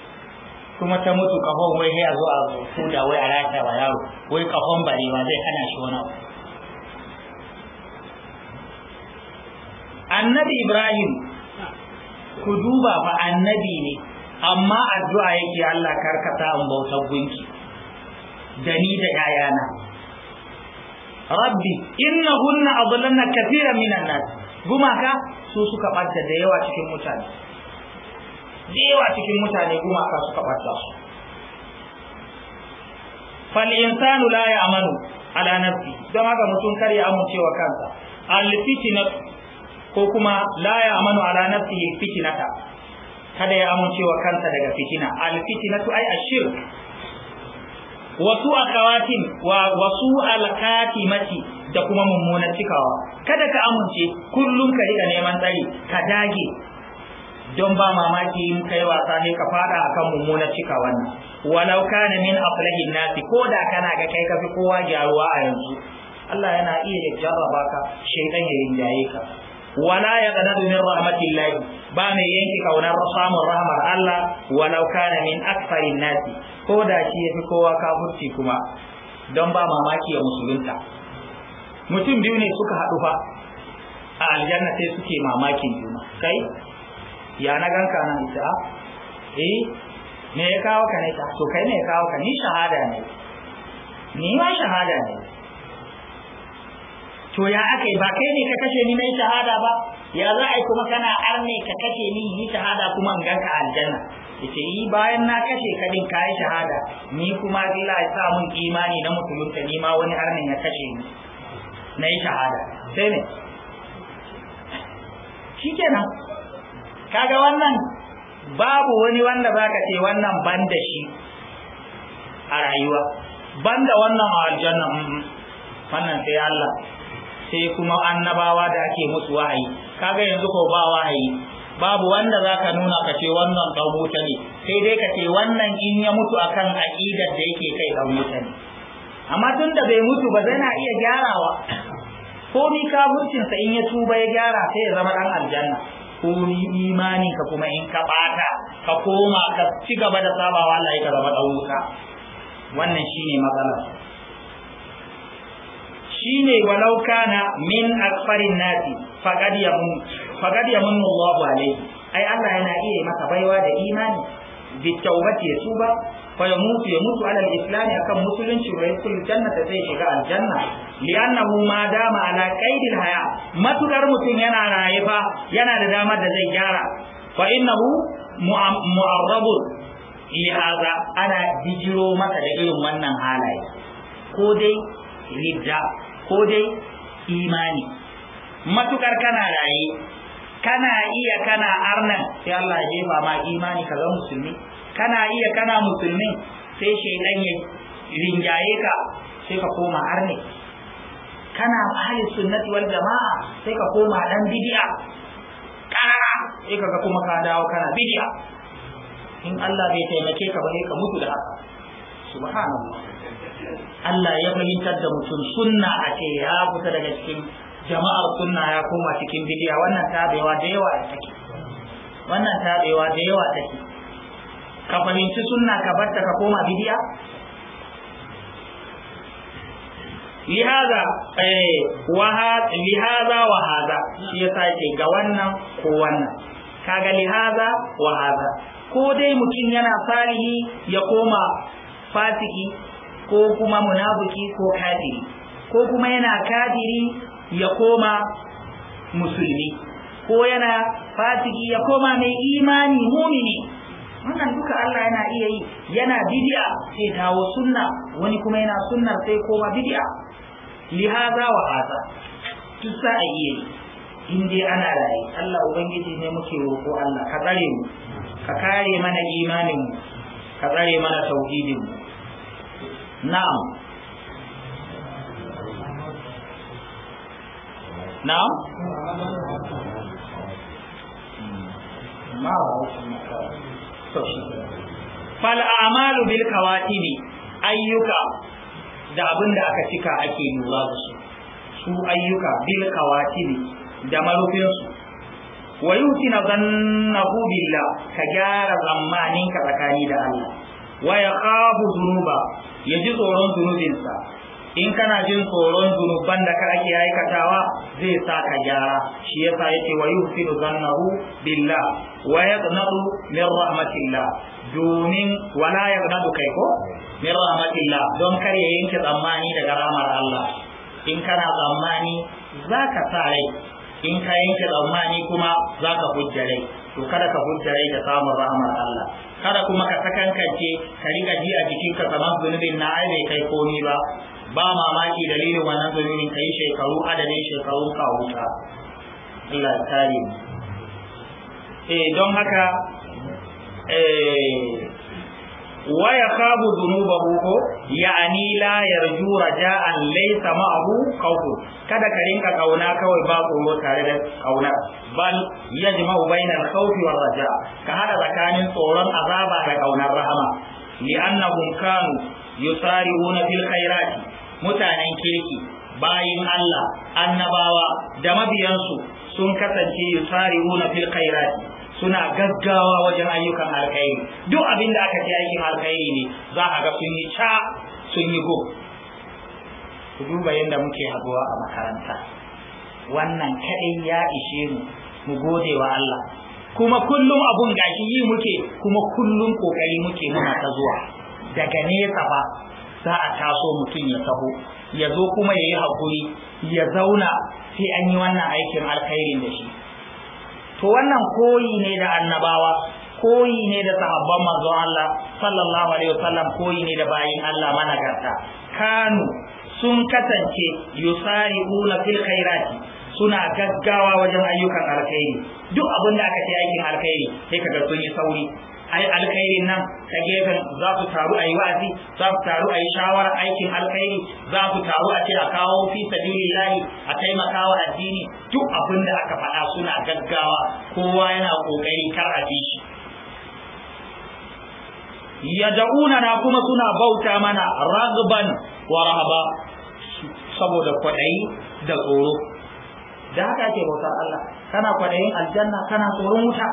kuma ta mutu kafon wai sai a zo a kuda wai a rata wa yaro wai kafon barewa zai hana shi wani abu annabi ibrahim ku duba fa annabi ne amma addu'a yake Allah karkata an bautar gunki da ni da yayana rabbi innahunna adallanna kathiran minan nas gumaka su suka ɓadda da yawa cikin mutane yawa cikin mutane gumaka suka ɓata su fal insanu la ya'manu ala nafsi don haka mutum kar ya amincewa kansa al fitnatu ko kuma la ya'manu ala nafsi fitnata kada ya amincewa kansa daga fitina al fitnatu ay ashirk wasu akawatin wasu alkatimati da kuma mummunan cikawa kada ka amince kullum ka rika neman tsari ka dage don ba mamaki in kai wasa ne ka fada akan mummunar cika wannan walau kana min aflahin nasi ko da kana ga kai kafi kowa gyaruwa a yanzu Allah yana iya jarraba ka shaytan ya rinjaye ka wala ya qadadu min rahmatillah ba mai yanki kaunar samun rahmar Allah walau kana min aktsarin nasi ko da shi yafi kowa kafirci kuma don ba mamaki ya musulunta mutum biyu ne suka haɗu fa a aljanna sai suke mamakin juna kai ya na ganka nan ita eh me ya kawo ka ne to kai ne ya kawo ka ni shahada ne ni ma shahada ne to ya akai ba kai ne ka kashe ni mai shahada ba ya za a yi kuma kana arne ka kashe ni yi shahada kuma in ganka aljanna yace eh, yi bayan na kashe ka din kai shahada ni kuma Allah ya sa mun imani na musulunta ni ma wani arnin ya kashe ni na yi shahada sai ne kenan. kaga wannan babu wani wanda zaka ce wannan ban da shi a rayuwa ban da wannan a aljanna wannan sai Allah sai kuma annabawa da ake musu wahayi kaga yanzu ko ba wahayi babu wanda zaka nuna ka ce wannan dan ne sai dai ka ce wannan in ya mutu akan aqidar da yake kai dan mutane. ne amma tun da bai mutu ba zai na iya gyarawa ko ni ka sa in ya tuba ya gyara sai ya zama dan aljanna komi imani ka kuma in ka bata ka koma ka ci gaba da sabawa Allah ya zama dan wuta wannan shine matsalar shine walau kana min akfarin nasi faqad yamun faqad yamun Allahu alayhi ai Allah yana iya maka baiwa da imani bi tawbati ba. fa ya mutu ya mutu ala al-islam akan musulunci wa yakul jannata zai shiga aljanna annahu ma dama ala qaidil haya matukar mutum yana raye fa yana da damar da zai gyara fa innahu mu'arrabun li hadha ana bijiro maka da irin wannan halaye ko dai ridda, ko dai imani matukar kana raye kana iya kana arna sai Allah ya jefa ma imani ka ga musulmi kana iya kana musulmin sai shaidan ya rinjaye ka sai ka koma arne kana bai sunnati wal jama'a sai ka koma dan bid'a kana sai ka ga kuma ka dawo kana bid'a in Allah bai taimake ka ba sai ka mutu da haka subhanallah Allah ya fahimtar da mutum sunna a ce ya fita daga cikin jama'ar sunna ya koma cikin bid'a wannan tabewa da yawa take wannan tabewa da yawa take ka fahimci sunna ka barta ka koma bidiya eh, lihaza wahaza, wa shi yasa yake ga wannan ko wannan kaga lihaza wa ko dai mutum yana salihi ya koma fasiki ko kuma munafiki ko Kadiri. ko kuma yana Kadiri ya koma musulmi ko yana fasiki ya koma mai imani mumini wannan duka Allah yana iya yi yana bid'a sai dawo sunna wani kuma yana sunna sai koma bid'a hada wa hada duk sa a iya yi in dai ana raye Allah ubangiji ne muke roƙo Allah ka tsare mu ka kare mana imanin mu ka tsare mana tauhidin mu na'am na'am hmm. ma ba Fal'amalu a'malu bil kawatibi ayyuka da abin da aka cika ake lura da su su ayyuka bil kawatibi da marufinsu wa zanna zanna billah ka gyara zammanin ka tsakani da Allah wa dunuba ya ji tsoron zunubinsa in kana jin tsoron zunuban da ake aikatawa zai sa ka gyara shi yasa yake wa yuhsinu zannahu billah wa yaqnadu min rahmatillah domin wala yaqnadu kai ko min rahmatillah don kar ya yanke tsammani daga rahmar Allah in kana tsammani zaka sa rai in ka yanke tsammani kuma zaka hujja rai to kada ka hujja da samun rahmar Allah kada kuma ka sakankance ka riga ji a jikinka kamar zunubin na ai bai kai komi ba ba mamaki dalilin wannan zunubin kai shekaru adadin shekaru ka wuta Allah ya kare mu eh don haka eh wa yakhabu dhunubahu ko ya'ani la yarju raja'an laysa ma'ahu khawfu kada ka rinka kauna kawai ba tsoro tare da kauna bal yajma'u bainal khawfi war raja ka hada tsakanin tsoron azaba da kaunar rahama li'annahum kanu yusari'una fil khairati mutanen kirki bayin Allah annabawa da mabiyansu sun kasance yusari'una fil khairat suna gaggawa wajen ayyukan alkhairi duk abin da aka ce aikin alkhairi ne za a ga sun yi ca sun yi go ku duba yadda muke haguwa a makaranta wannan kaɗai ya ishe mu mu gode wa Allah kuma kullum abun gashi yi muke kuma kullum kokari muke muna ta zuwa daga nesa ba za a taso mutum ya taho ya zo kuma ya yi haƙuri ya zauna sai an yi wannan aikin alkhairin da shi to wannan koyi ne da annabawa koyi ne da sahabban manzon Allah sallallahu alaihi wasallam koyi ne da bayin Allah managarta kanu sun kasance yusari'una fil khairati suna gaggawa wajen ayyukan alkhairi duk abin da aka ce aikin alkhairi sai kaga sun yi sauri ai alkhairin nan ta gefen za ku taru a yi wa'azi za ku taru a yi shawarar aikin alkhairi za ku taru a ce a kawo fi sabilillahi a taimaka wa addini duk abin da aka faɗa suna gaggawa kowa yana kokari kar a bi shi yad'una na kuma suna bauta mana ragban wa rahaba saboda kwaɗayi da tsoro da haka ake bautar Allah kana kwaɗayin aljanna kana tsoron wuta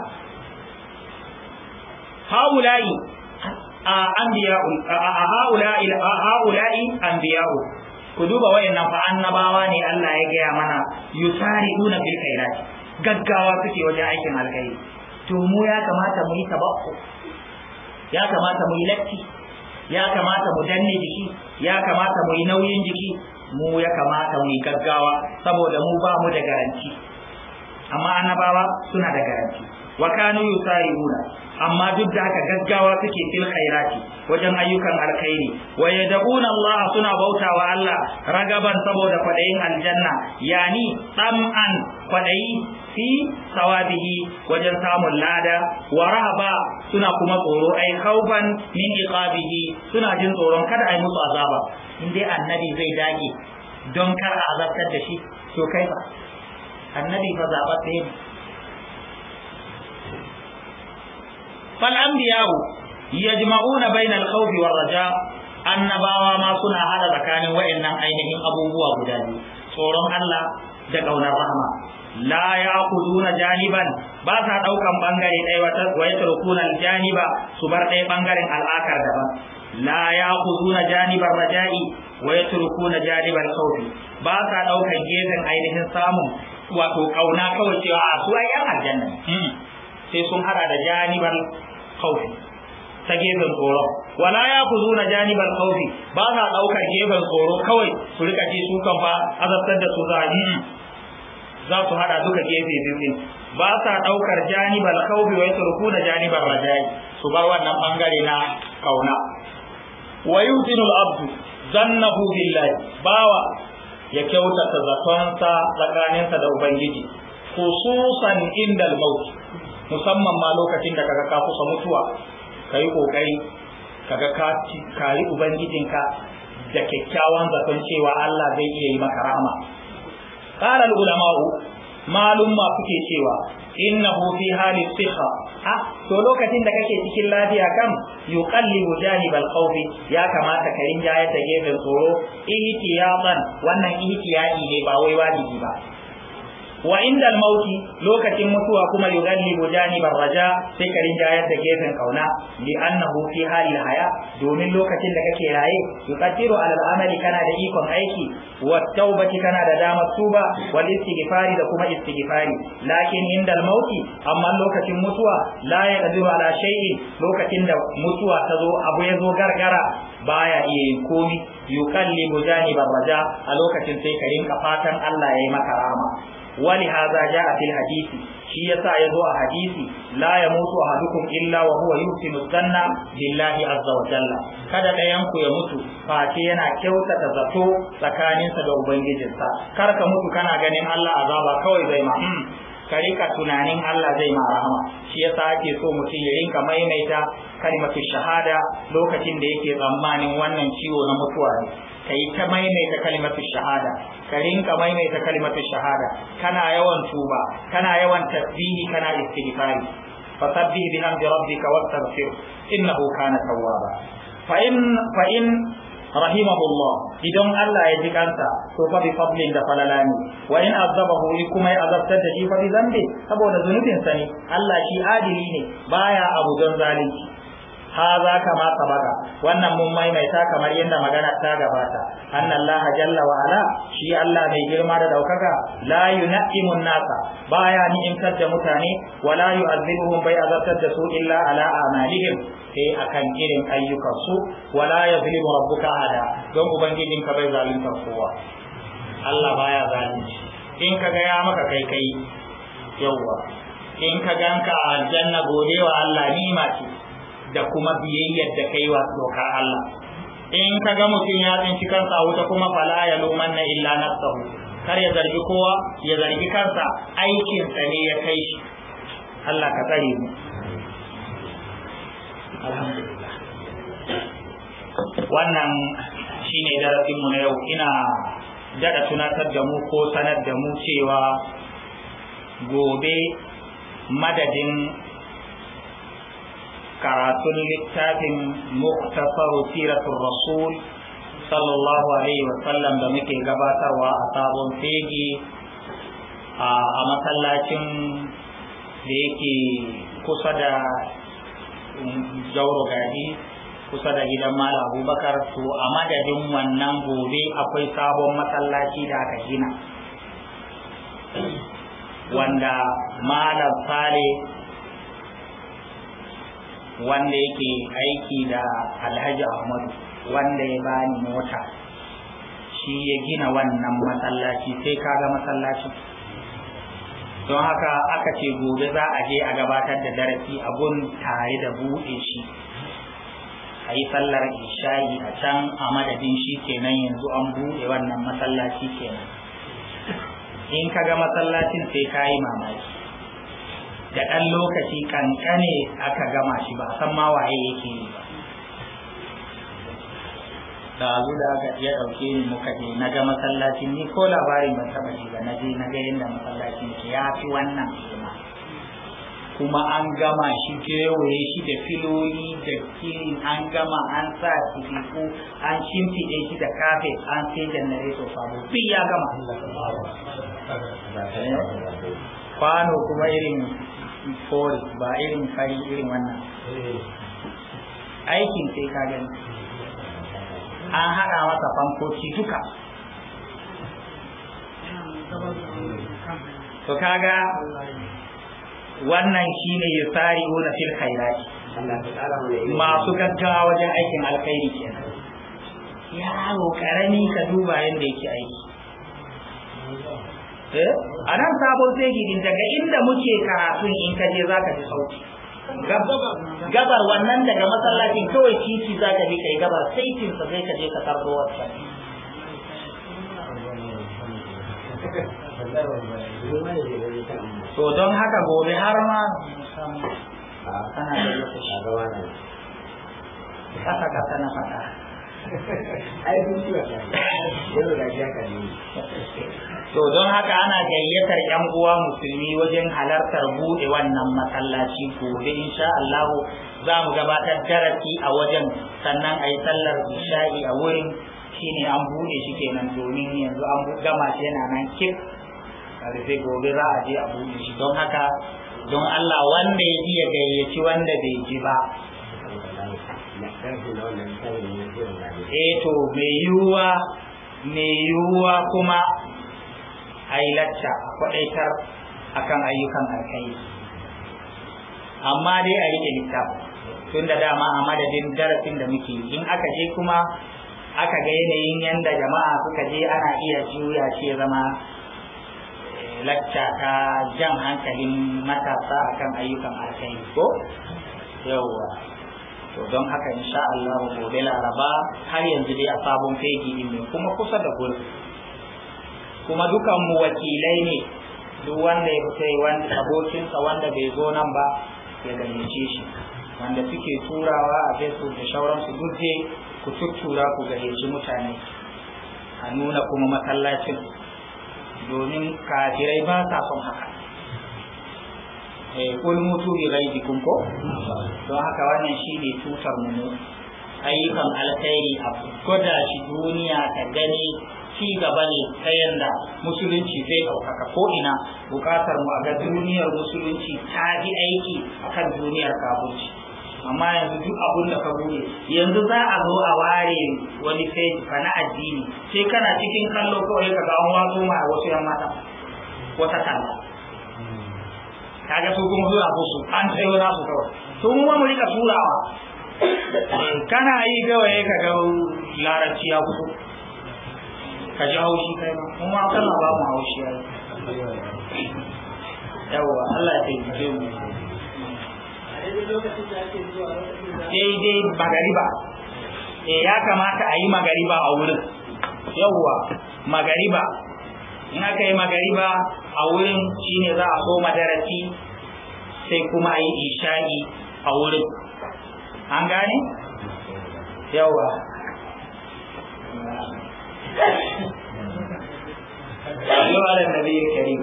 haula'i anbiya'u haula'i haula'i ku duba wayannan fa annabawa ne Allah ya gaya mana yusari'una fil khairat gaggawa suke wajen aikin alkhairi to mu ya kamata mu yi tabakku ya kamata mu yi latti ya kamata mu danne jiki ya kamata mu yi nauyin jiki mu ya kamata mu yi gaggawa saboda mu ba mu da garanti amma annabawa suna da garanti wa kanu yusari'una amma duk da haka gaggawa suke fil khairati wajen ayyukan alkhairi wa yad'una Allah suna bautawa Allah ragaban saboda kwadayin aljanna yani tam'an kwadayi fi sawabihi wajen samun lada wa rahaba suna kuma tsoro ai khawfan min iqabihi suna jin tsoron kada ai musu azaba in annabi zai dage don kar a azabtar da shi to kai fa annabi fa zaɓaɓɓe ne fal anbiya'u yajma'una bainal khawfi war raja annabawa ma suna hada tsakanin wayannan ainihin abubuwa guda biyu tsoron Allah da ƙaunar rahama la ya ya'khuduna janiban ba sa daukan ɓangare ɗaya wata wa yatrukuna janiba su bar ɗaya ɓangaren al'akar daban la ya ya'khuduna janibar raja'i wa yatrukuna janibar khawfi ba sa daukan gefen ainihin samun wato ƙauna kawai cewa a su ai yan aljanna sai sun hada da janiban kaufi ta gefen tsoro wala ya ku zuna janiban kaufi ba sa daukar gefen tsoro kawai su rika ji su kan fa azabtar da su zahiri za su hada duka gefe biyu ba sa daukar janiban kaufi wai turku da janiban rajai su ba wannan bangare na kauna wa abdu zannahu billahi bawa ya kyautata zatonsa tsakaninsa da ubangiji khususan indal maut musamman ma lokacin da kaga ka kusa mutuwa ka yi kokari kaga ka kari ubangijinka da kyakkyawan zaton cewa Allah zai iya yi maka rahama qala ulama'u malum ma kuke cewa innahu fi hali siha ah to lokacin da kake cikin lafiya kam yuqallibu janibal khawfi ya kamata ka rinjayar da gefen tsoro ihtiyaban wannan ihtiyadi ne ba wai wajibi ba wa inda mauti lokacin mutuwa kuma yughallibu janibar raja sai ka rinjayar da gefen kauna li annahu fi hali haya domin lokacin da kake raye yuqaddiru ala al'amali kana da ikon aiki wa tawbati kana da damar tuba wal istighfari da kuma istighfari lakin inda mauti amma lokacin mutuwa la yaqdiru ala shay'in lokacin da mutuwa ta zo abu ya zo gargara baya iya yin komi yuqallibu janibar raja a lokacin sai ka rinka fatan Allah ya yi maka rama wani haza ja a fil hadisi shi yasa ya zo a hadisi la ya mutu hadukun illa wa huwa yusinu sanna billahi azza wa jalla kada ɗayan ku ya mutu face yana kyautata zato tsakaninsa da ubangijinsa kar ka mutu kana ganin Allah azaba kawai zai ma hmm, ka rika tunanin Allah zai ma rahama shi yasa ake so mutum ya rinka maimaita kalmatu shahada lokacin da yake tsammanin wannan ciwo na mutuwa ne kai ta maimaita kalimatu shahada ka rinka maimaita kalimatu shahada kana yawan tuba kana yawan tasbihi kana istighfari fasabbih bihamdi rabbika wastaghfir innahu kana tawwaba fa in fa in rahimahullah idan Allah ya ji kansa to fa bi fadlin da falalani wa in azabahu in kuma ya azabtar da shi fa bi zambi saboda zunubin sa ne Allah shi adili ne baya abu don zalunci za ka kama maka? wannan mun maimaita kamar yadda magana ta gabata laha jalla wa ala shi Allah mai girma da daukaka la yunqimu nasa baya ni'imtar da mutane wala yu'adhibuhum bai azabtar da su illa ala amalihim sai akan irin ayyukansu wala yazlimu rabbuka ada don ka bai zalunta kowa Allah baya zalunci in ka ga ya maka kai kai yawwa in ka ganka a aljanna godewa Allah nima ce da kuma biyayyar da kai wa dokar Allah in ka ga mutum ya tsinci kansa wuta kuma fala ya na illa nafsahu kar ya zargi kowa ya zargi kansa aikinsa ne ya kai shi Allah ka tsare mu wannan shine darasin mu na yau ina daɗa tunatar da mu ko sanar da mu cewa gobe madadin karatun littafin muktasaru siratul rasul sallallahu alaihi wasallam da muke gabatarwa a sabon fegi a masallacin da yake kusa da jauro gadi kusa da gidan mala abubakar to a madadin wannan gobe akwai sabon masallaci da aka gina wanda malam sale wanda yake aiki da alhaji ahmadu wanda ya bani mota shi ya gina wannan masallaci sai kaga masallaci. don haka aka ce gobe za a je a gabatar da darasi a gun tare da buɗe shi a yi sallar isha'i a can a madadin shi kenan yanzu an buɗe wannan masallaci kenan in ka ga masallacin sai ka yi mamaki da ɗan lokaci kankane aka gama shi ba san ma waye yake yi ba da abu da aka iya ɗauke ni muka je na ga masallacin ni ko labarin ban taɓa shi ba na je na ga yadda masallacin ke ya fi wannan kuma kuma an gama shi kewaye shi da filoli da kirin an gama an sa shi ko an shimfiɗe shi da kafe an sai janareto sabo duk ya gama kwano kuma irin fori ba irin fari irin wannan aikin sai ka gani an haɗa masa fankoci duka to kaga wannan shi ne ya tsari yusari'una fil khairati masu gaggawa wajen aikin alkhairi kenan yaro karami ka duba yadda yake aiki Eh? a nan sabon fegidin daga inda muke karatun in ka za ka fi sauki gabar wannan daga masallacin kawai titi za ka bi kai gabar saitin sa zai ka je ka karbo wata to don haka gobe har ma kana da lokaci haka ka sana faɗa to don haka ana gayyatar yan uwa musulmi wajen halartar buɗe wannan masallaci gobe insha Allah za mu gabatar darasi a wajen sannan a yi sallar isha'i a wurin shine an buɗe shi kenan domin yanzu an gama shi yana nan kif a rufe gobe za a je a bude shi don haka don Allah wanda ya iya gayyaci wanda bai ji ba eh to mai yiwuwa mai yiwuwa kuma a yi lacca a akan ayyukan alkai amma dai a rike littafin tun da dama a madadin darasin da muke in aka je kuma aka ga yanayin yanda jama'a suka je ana iya juya ce zama eh, lacca ta jan hankalin matasa akan ayyukan alkai ko yawwa to don haka insha Allah gobe laraba har yanzu dai a sabon fegi din ne kuma kusa da gurin kuma dukan mu wakilai ne duk wanda ya fita wanda abokinsa wanda bai zo nan ba ya gayyace shi wanda suke turawa a facebook da shauransu duk dai ku tuttura ku gayyaci mutane a nuna kuma masallacin domin kafirai ba sa son haka wani eh, mutu bi jikin ko don haka wannan shine tutar mu ayyukan alkhairi a gwada shi duniya ta gani ci gaba ne ta yanda musulunci zai ɗaukaka ko ina buƙatar mu a ga duniyar musulunci ta yi aiki a kan duniyar kafirci amma yanzu duk abun da ka bude yanzu za a zo a ware wani feji ka na addini sai kana cikin kallo kawai ka ga an watso ma wasu yan mata wata kalla. kaga su kuma suna so su an wani nasu kawai su kuma mu rika surawa kana yi gawaye ka ga larabci ya kusa. ka ji haushi kai ma kuma kana ba mu haushi ya yawa Allah ya taimake mu daidai magariba eh ya kamata a yi magariba a wurin yawwa magariba in aka yi magariba a wurin shine za a koma darasi, sai kuma a yi isha'i a wurin an gani? yawa yawa da nabi ya kari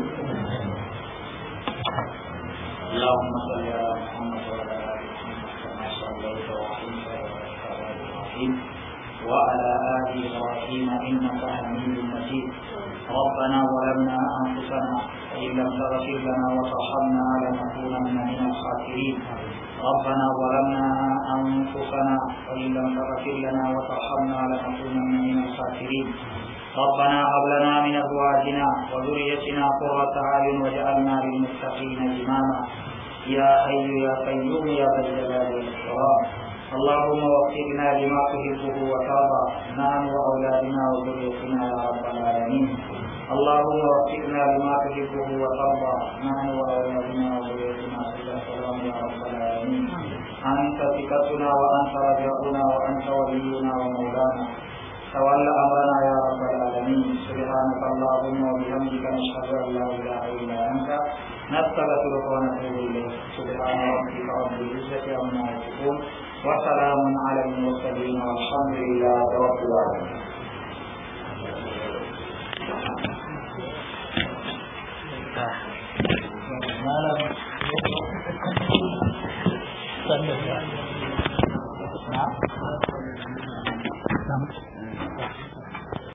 اللهم صل على محمد وعلى آل محمد كما صليت وعلمت وعلى آل ربنا ظلمنا أنفسنا وإن لم تغفر لنا وترحمنا لنكونن من الخاسرين ربنا ظلمنا أنفسنا وإن لم تغفر لنا وترحمنا لنكونن من الخاسرين ربنا هب لنا من أزواجنا وذريتنا قرة أعين واجعلنا للمتقين إماما يا حي يا قيوم يا ذا الجلال والإكرام اللهم وفقنا لما تحبه وترضى نعم واولادنا وذريتنا يا رب العالمين اللهم وفقنا لما تحبه وترضى نعم واولادنا وذريتنا الى السلام يا رب العالمين انت ثقتنا وانت رجاؤنا وانت ولينا ومولانا تول امرنا يا رب العالمين سبحانك اللهم وبحمدك نشهد ان لا اله الا انت نستغفرك ونتوب اليك سبحان ربك رب العزه عما يصفون وسلام على المرسلين والحمد لله رب العالمين Thank نعم. you.